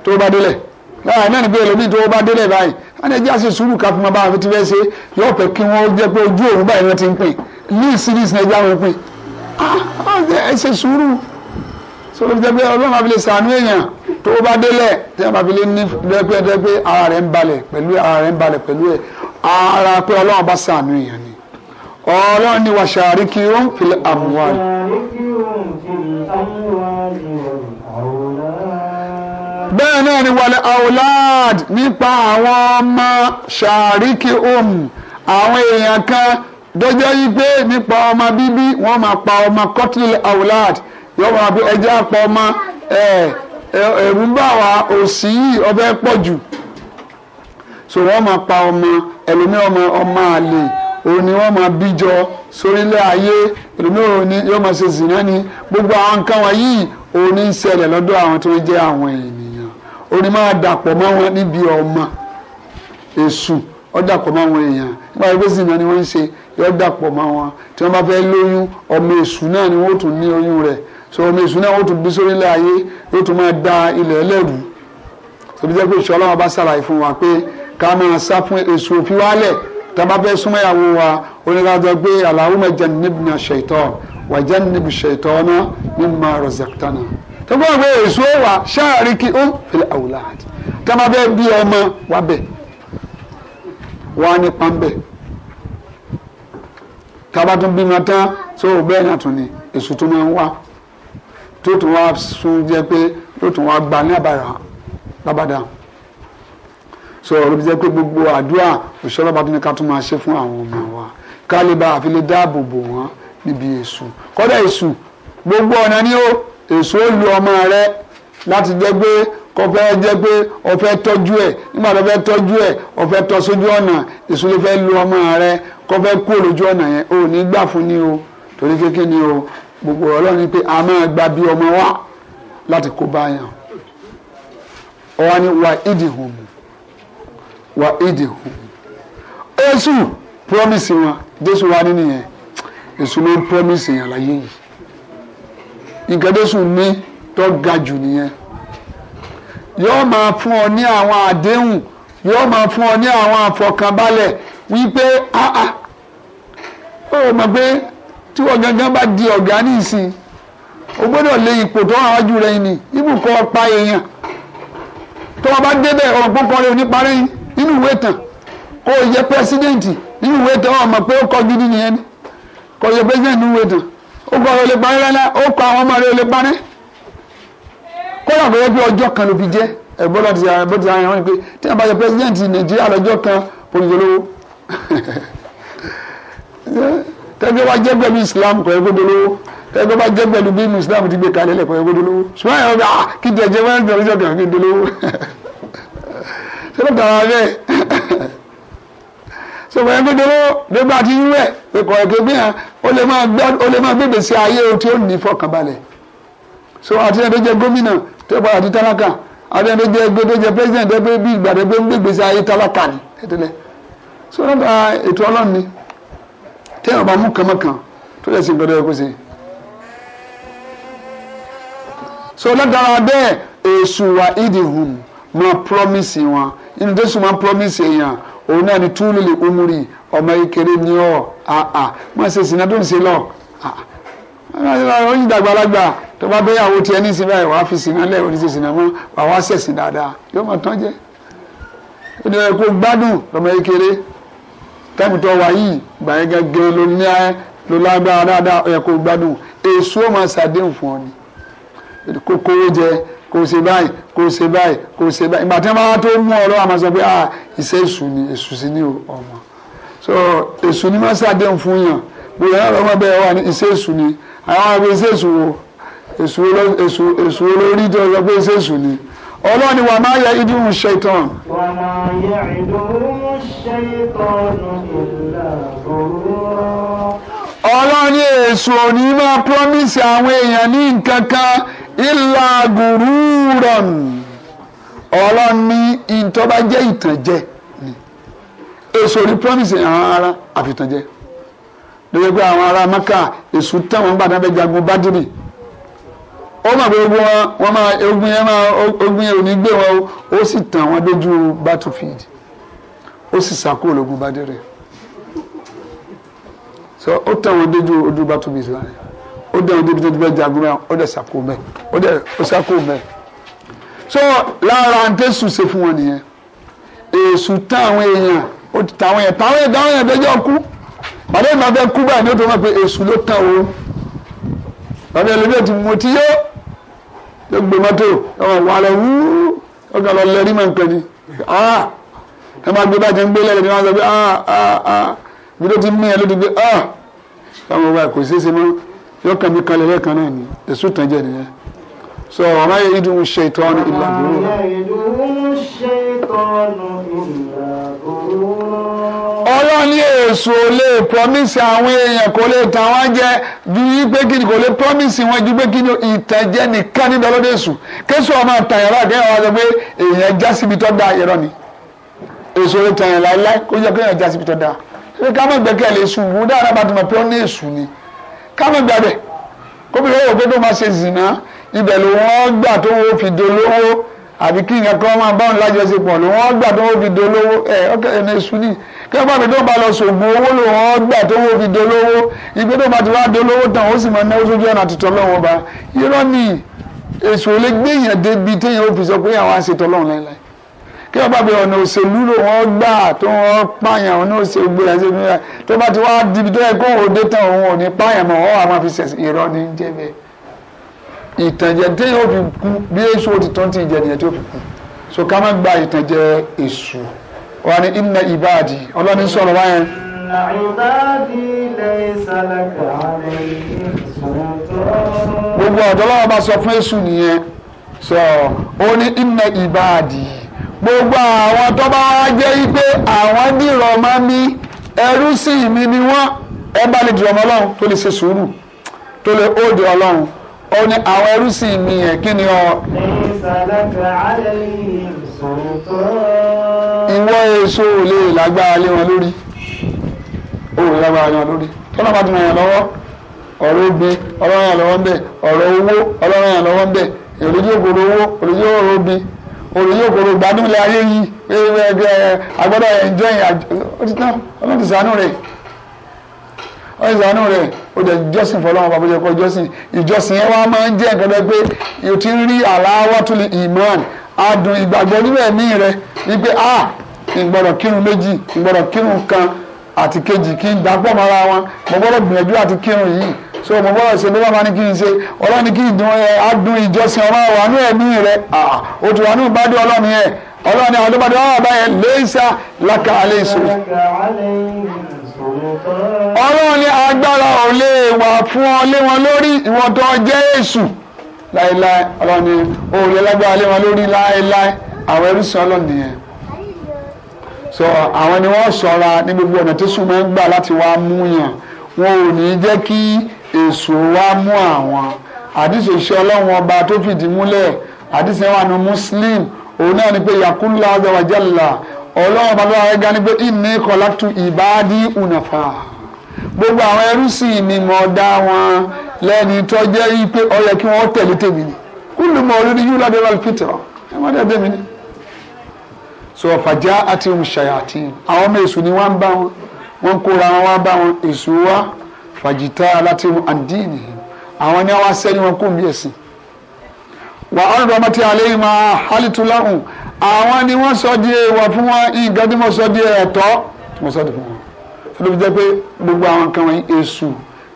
tó bá délẹ̀ báyìí náà ni pé ẹlòmíì tó bá délẹ̀ báyìí wọn ẹjẹ́ àṣẹ sùúrù ká fún ma bá wọn ti fẹ́ ṣe yóò fẹ́ kí wọ́n jẹ́ pé ojú òun báyìí wọ́n ti ń pín lead series náà ẹjẹ́ àwọn pín ah, ẹ ṣe sùúrù sọlọ́ọ̀ jẹ́ pé ọlọ́run àfi lè sàánú èèyàn tó bá délẹ̀ tí wọ́n bá fi lé ní lẹ́gbẹ́ lẹ́gbẹ́ ara rẹ̀ ń balẹ̀ pẹ̀lú ara rẹ̀ ń balẹ̀ pẹ̀lú ẹ̀ ara pé ọlọ́run bá sànú èèyàn ni ọlọ́run ni wàṣàrí kí ó ń fi àmúwárí. bẹ́ẹ̀ náà ni wàlẹ̀ aulad nípa àwọn ọmọ ṣàríkì om àwọn èèyàn kan dọ́jọ́ yìí pé nípa ọmọ bíbí wọ́n máa pa ọmọ kọ́tìlì aulad yọ̀wọ́n àbí ẹja pa ọmọ ẹ̀. ẹ̀rù ń bà wá òsì yìí ọbẹ̀ pọ̀ jù so wọ́n máa pa ọmọ ẹlòmíràn ọmọ ọmọ àlè òun ni wọ́n máa bíjọ sórílẹ̀ ayé ẹlòmíràn ni yóò máa ṣe zìnà ni gbogbo àwọn nǹkan wọ̀nyí òun ní lọ́dọ̀ àwọn tó jẹ́ àwọn ènìyàn òun ni máa dàpọ̀ mọ́ wọn níbi ọmọ èṣù ó dàpọ̀ mọ́ àwọn èèyàn nípa ẹgbẹ́ zìnà ni wọ́n ń ṣe yóò dàpọ̀ mọ́ wọn tí wọ́n bá fẹ́ lóyún ọmọ èṣù náà ni wọ́n tún ní so omi ìṣúná ó tún bí sórí ilẹ̀ ayé yóò tún máa da ilẹ̀ ẹlẹ́rù tóbi jẹ́ pé ìṣọ́ ọlọ́run bá ṣàlàyé fún wa pé ká máa sá fún èso òfin wálẹ̀ tá a bá fẹ́ súnmọ́ ìyàwó wa oníkàtọ́ pé Allahumma jannibna shaitan wa jannib shaitana mimma razaqtana tó bá wọ èso wa shariki um fil awlad tá a bá fẹ́ bí ọmọ wa bẹ̀ wá nípa ń bẹ̀ tá a bá tún bímọ tán so bẹ́ẹ̀ náà tún ni èso tó máa ń wá tó tún wá sún jẹ́ pé tó tún wá gba ní àbàrà lábàdà so ọ̀rọ̀ bí jẹ́ pé gbogbo àdúrà òṣèlú bá tún ní ká tún máa ṣe fún àwọn ọmọ wa ká lè bá àfi lè dáàbò bò wọ́n níbi èṣù kọ́dà èṣù gbogbo ọ̀nà ni ó èṣù ó lu ọmọ rẹ láti jẹ́ pé kọfẹ jẹ pé ọfẹ tọ́jú ẹ nígbà tó fẹ́ tọ́jú ẹ ọfẹ tọ́ sójú ọ̀nà èso ló fẹ́ lu ọmọ rẹ kọfẹ kú olójú ọ̀nà yẹn ò ní gbà fún ni o torí kékeré ni o gbogbo ọlọ́run ni pé a máa gba bí ọmọ wa láti kó báyàn ọwọ́ ni wà ìdì hùm wà ìdì hùm Jésù promise wọn Jésù wa nínú yẹn Jésù ló ń promise yẹn láyé yìí nǹkan Jésù ní tó ga jù nìyẹn yóò máa fún ọ ní àwọn àdéhùn yóò máa fún ọ ní àwọn àfọkànbalẹ̀ wípé ah ah ó mọ̀ pé. tí wọ́n gangan bá di ọ̀gá ní ìsìn o gbọ́dọ̀ lé ipò tó wà wájú rẹ ni ibùkọ́ pa èèyàn tó wọn bá débẹ̀ ọ̀rọ̀ pọ́npọ́n rẹ ò ní parí nínú ìwé tàn kó o yẹ nínú ìwé kọ gidi nìyẹn ni kò yẹ pẹ́sidẹ́ǹtì nínú ìwé tàn ó kọ ọ̀rọ̀ lè parí rárá ó kọ àwọn ọmọ rẹ lè kan ló fi láti ara wọn ni pé tí [LAUGHS] tẹ́gbẹ́ wa jẹ́ pẹ̀lú islam kò yẹ kó dolówó tẹ́gbẹ́ wa jẹ́ pẹ̀lú bí islam ti gbé kalẹ̀ lẹ̀ kò yẹ kó dolówó ṣùgbọ́n àwọn ọ̀gá ah, kí jẹ jẹ wọ́n bẹ̀rẹ̀ jọ kàn kí n dolówó [LAUGHS] ṣẹlẹ̀ tàwa bẹ́ẹ̀ [LAUGHS] ṣùgbọ́n yẹ kó dolówó nígbà tí ń wẹ̀ ẹ̀kọ́ ẹ̀kọ́ bí yẹn ó lè máa gbé gbèsè ayé tí ó ní fọkànbalẹ̀ so àti ẹni tó jẹ gómìnà tó padà di tálákà àti ẹni tó jẹ gbẹdọ jẹ pírẹsidẹ̀ntì ẹgbẹ́ bí ìgbà tó gbé gbèsè ayé tálákà ni ẹ̀tẹ́lẹ̀ so nípa ètò ọlọ́run téèyàn bá mú kànmọ́kàn tó lè ṣe nǹkan tó yẹ kó ṣe. so látara bẹ́ẹ̀ èṣù wa ìdìhùn máa promise wọn inú tó sùn máa promise èèyàn òun náà ni túlù lè umuri ọmọ ìkéré ni ọ àà má ṣe sìnà tó ń ṣe lọ ó yí dàgbàlagbà tó bá bẹ́ẹ̀ àwọn tiẹ̀ ní ìsìn báyìí wàá fi sìnà lẹ̀ òní ṣe sìnà mọ́ wàá wá ṣẹ̀sìn dáadáa yóò máa tán jẹ́ ó ní ọ̀rẹ́ kó gbádùn lọ́mọ ìkéré tẹ́mùtọ́ wa yìí gbàyẹn gẹ́gẹ́ ló ní ẹ ló lágbára dáadáa ẹ kò gbádùn èso ó máa ṣàdéhùn fún ọ ni kó kówó jẹ kó ṣe báyìí kó ṣe báyìí kó ṣe báyìí ìgbà tí wọn bá tó mú ọ lọ́wọ́ àmọ́ sọ pé ah ìṣe èṣù ni èṣù sí ní ọmọ so èṣù ni wọn ṣàdéhùn fún yàn gbogbo ẹ̀rọ ọmọ bẹ́ẹ̀ wà ní ìṣe èṣù ni àwọn àgbẹ̀ ìṣe èṣù wo èṣù olórí jọ sọ pé ìṣe èṣù ni ọlọ́run ni wà máa yẹ ìdí òun ṣètàn. wà máa yẹ ìdí òun ṣètàn ìlà òwúrọ̀. ọlọ́run ni èṣù òní máa promise àwọn èèyàn ní nǹkan kan ìlà gùrúùrọ̀n ọlọ́run ní ìtọ́ba jẹ́ ìtànjẹ ni èṣù òní promise àwọn ará àfitànjẹ lórí pé àwọn ará maka èṣù tẹ̀wọ̀n gbàdánbẹ́ jagun bádìrì ó mọ̀ pé ogun wọn wọn máa ogun yẹn máa ogun yẹn ò ní gbé wọn ó sì tàn wọn dójú battlefield ó sì sàkóò lógun bá dé rẹ̀ so ó tàn wọn dójú ojú battlefield láàrin ó dẹ̀ wọn débi tó ti bẹ́ẹ̀ jagun náà ó dẹ̀ sàkóò mẹ́ ó dẹ̀ ó sàkóò mẹ́ so lára ń tẹ́sù ṣe fún wọn nìyẹn èsù tán àwọn èèyàn ó ti tàwọn èèyàn tàwọn èèyàn dáwọn èèyàn dẹjọ́ kú bàbá ìmọ̀ abẹ́ kú báyìí ní ó tó mọ̀ pé èsù ló tán o bàbá ìlú yóò ti mutí yóò ló gbé mọ́tò ọ̀hún wà lọ wúú ọ̀gá lọ lẹ́rí mọ̀ nǹkan ni ah ẹ máa gbé bàjẹ́ ń gbé lẹ́rìí ni wọ́n sọ pé ah ah ah ibi tó ti mú yẹn ló ti gbé ah táwọn ọba kò ṣeé ṣe mọ́ yóò kàn mí kalẹ̀ lẹ́ẹ̀kan náà ni èso tàn jẹ́ nìyẹn so ọ̀rọ̀ ayé ìdùnnú ṣe ìtọ́nu ìlànà. ọ̀rọ̀ ayé ìdùnnú ṣe ìtọ́nu èso lè promise àwọn èèyàn kò lè tàn wọ́n jẹ ju pé kí ni kò lè promise wọn ju pé kí ni ìtànjẹ nìkan ní dọ́lọ́dẹ̀ èso kéṣù ọmọ àtàyàn báyìí kéèyàn wá sọ pé èèyàn já síbi tó da irọ́ ni èso lè tàn yàn láíláí kó jẹ́ kéèyàn já síbi tó da ṣé ká mọ̀ gbẹ́kẹ̀lé èso wò dáadáa bá ti mọ̀ pé ó ní èso ni ká mọ̀ gbàgbẹ́ kó bí wọ́n wò pé tó máa ṣe zìnà ibẹ̀ ló wọ́n gbà tó wọ́n fi dolówó àbí kí nǹkan kan máa bá wọn lájọṣepọ̀ ló wọ́n gbà tó wọ́n fi dolówó ẹ̀ ọkẹ́ ẹ̀ ní èso nìyí kí wọ́n bá mi tó bá lọ sògùn owó ló wọ́n gbà tó wọ́n fi dolówó ìgbé tó bá ti wá dolówó tán ó sì máa náwó sójú ọ̀nà àtìtọ́ lọ́wọ́ bá irọ́ ni èso lè gbé èèyàn débi téèyàn ó fi sọ pé àwọn àṣetọ́ lọ́wọ́ láìláì kí wọ́n bá bẹ ọ̀nà òṣèlú ló wọ́n gbà tó wọ́n pààyàn ọ̀nà òṣèlú gbé ẹ̀ ṣẹ́mi rẹ̀ tó bá ti wá dibi tó yẹ kó òun dé tán òun ò ní pààyàn mọ́ wọ́n wà máa fi ṣẹ̀ṣẹ̀ irọ́ ní jẹ́ bẹ́ẹ̀ ìtànjẹ téèyàn ó fi kú bí èso ti tán ti ìjẹ nìyẹn tó fi kú so ká má gba ìtànjẹ èṣù wà ní inna ibadi ọlọ́ni sọ̀rọ̀ wáyẹn. gbogbo ọ̀dọ́ lọ́wọ́ bá sọ fún èṣù nìyẹn sọ ó ní inna ibadi gbogbo àwọn tó bá jẹ́ pé àwọn dìrọ̀ mọ́ mi ẹrú sí mi ni wọ́n ẹ bá lè dìrọ̀ mọ́ ọlọ́run tó lè ṣe sùúrù tó lè ó di ọlọ́run ó ní àwọn ẹrú sí mi yẹn kí ni ọ. ní sàlẹ̀ fẹ́ àlẹ́ yìí sọ̀rọ̀ tó. wọ́ èso lè lágbára lé wọn lórí ó lágbára lé wọn lórí tọ́lá bá ti ràn yàn lọ́wọ́ ọ̀rọ̀ obìnrin ọlọ́run yàn lọ́wọ́ ń ọ̀rọ̀ owó ọlọ́run yàn lọ́wọ́ ń bẹ̀ òkòrò owó òròjì òkòrò obì òròjì òkòrò gbádùn ayé yìí ẹgbẹ́ agbọ́dọ̀ àjọ ti sànú rẹ̀ rẹ̀ ìjọsìn bàbá ìjọsìn ìjọsìn yẹn wá máa ń jẹ́ nǹkan pé o ti ń rí adùn ìgbọ́dọ̀ kírun méjì ìgbọ́dọ̀ kírun kan àti kejì kí n dàpọ̀ mọ́ra wọn mo gbọ́dọ̀ gbìyànjú àti kírun yìí so mo gbọ́dọ̀ ṣe bí wọ́n máa ní kí n ṣe ọlọ́run ní kí n dùn ẹ adùn ìjọsìn ọlọ́run wà ní ẹ̀mí rẹ òtún wà ní ìbádùn ọlọ́run yẹn ọlọ́run ní àwọn ọdún bá dé wọ́n wà báyẹn lẹ́sà làkà alẹ́ ìṣòro ọlọ́run ní agbára ò lè wà fún ọ lé wọn lórí ìwọ̀n tó jẹ́ èṣù láéláé ọlọ́run ní òòlù ẹlẹ́gbẹ́ alẹ́ wọn lórí láéláé àwọn ẹrú ọlọ́run nìyẹn so àwọn ni wọ́n ṣọ́ra ní gbogbo ọ̀nà tí sùn máa ń gbà láti wá mú yàn wọn ò ní jẹ́ kí èso wá mú àwọn àdìsí iṣẹ́ ọlọ́run ọba tó fìdí múlẹ̀ àdìsí ẹ̀wà ni muslim òun náà ni pé yakula azawajalla ọlọ́run ọba lọ́wọ́ ẹ̀gá ni pé ìní kọ̀láktù ìbáàdí ùnàfà gbogbo àwọn ẹrú sì ni mo dá wọn lẹ́ni tó jẹ́ pé ó yẹ kí wọ́n tẹ̀lé tèmi ni kúlùmọ̀ olórí yúlá dẹ́rọ̀ fìtọ̀ ẹ̀ wọ́n dẹ́ tèmi ni so ọ̀fàjá àti ṣàyàtì àwọn ọmọ èṣù ni wọ́n bá wọn wọ́n kóra wọn wá bá wọn èṣù wá fàjìtá láti àdínì àwọn ni wọ́n sẹ́ni wọn kò bí ẹ̀sìn. wà á rọ̀ mọ́tí alẹ́ yìí máa hálítú láhùn àwọn ni wọ́n sọ di èèwọ̀ fún wọn nǹkan tí mo sọ di ẹ̀tọ́ mo sọ di fún wọn. tó jẹ́ pé gbogbo àwọn kan wọ̀nyí èṣù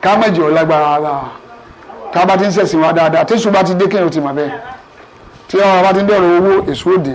ká mẹ́jọ lágbára ara tá bá ti ń ṣẹ̀sìn wa dáadáa tí èṣù bá ti dé kéèyàn ti mọ̀ bẹ́ẹ̀ tí àwọn bá ti ń dọ̀rọ̀ owó èṣù òde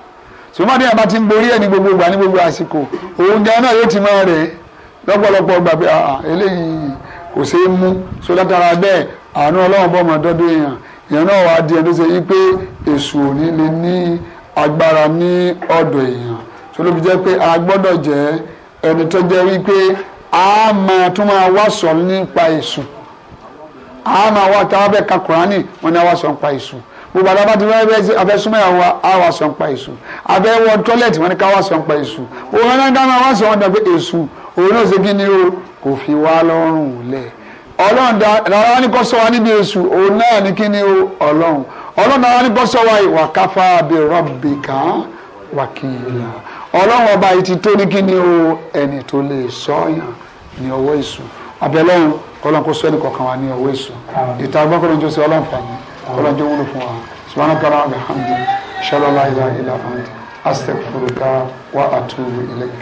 ṣùgbọ́n tí yàrá ń borí ẹ̀ ní gbogbo ìgbà ní gbogbo àsìkò òun gan náà yóò ti máa rẹ̀ lọ́pọ̀lọpọ̀ gbà pé eléyìí kò ṣeé mú so látara bẹ́ẹ̀ àánú ọlọ́run bọ́ ọmọ dọ́dún èèyàn èèyàn náà wàá di ẹni tó ṣe yí pé èṣù òní lè ní agbára ní ọ̀dọ̀ èèyàn so ló fi jẹ́ pé a gbọ́dọ̀ jẹ́ ẹni tó jẹ́ wípé a máa tún máa wá sọ nípa èṣù a máa wá tá a bẹ́ẹ̀ ka Kùránì wọn ni a wá sọ nípa èṣù gbogbo àdàbà tí wọ́n fẹ́ afẹ́ súnmọ́ ìyàwó wa á wá sọ nípa èṣù afẹ́ wọ tọ́lẹ̀tì wọn ni ká wá sọ nípa èṣù òun náà dáná wá sọ wọn dà èṣù òun náà ṣe kí ni o kò fi wá lọ́rùn lẹ̀ ọlọ́run dára wá ní kó sọ wá níbi èṣù òun náà ni kí ni o ọlọ́run ọlọ́run dára wá ní kó sọ wá ìwà káfá bí rọ́bì kan wákìlá ọlọ́run ọba yìí tó ní kí ni o ẹni tó lè sọ yàn ní ọwọ́ èṣù àbẹ̀lọ́run ọlọ́run fàmí àwọn ọjọ́ wúlò fún wa subahana kala alhamdulilayi shalala ilaha illa anta astaghfiruka wa atubu ilayk.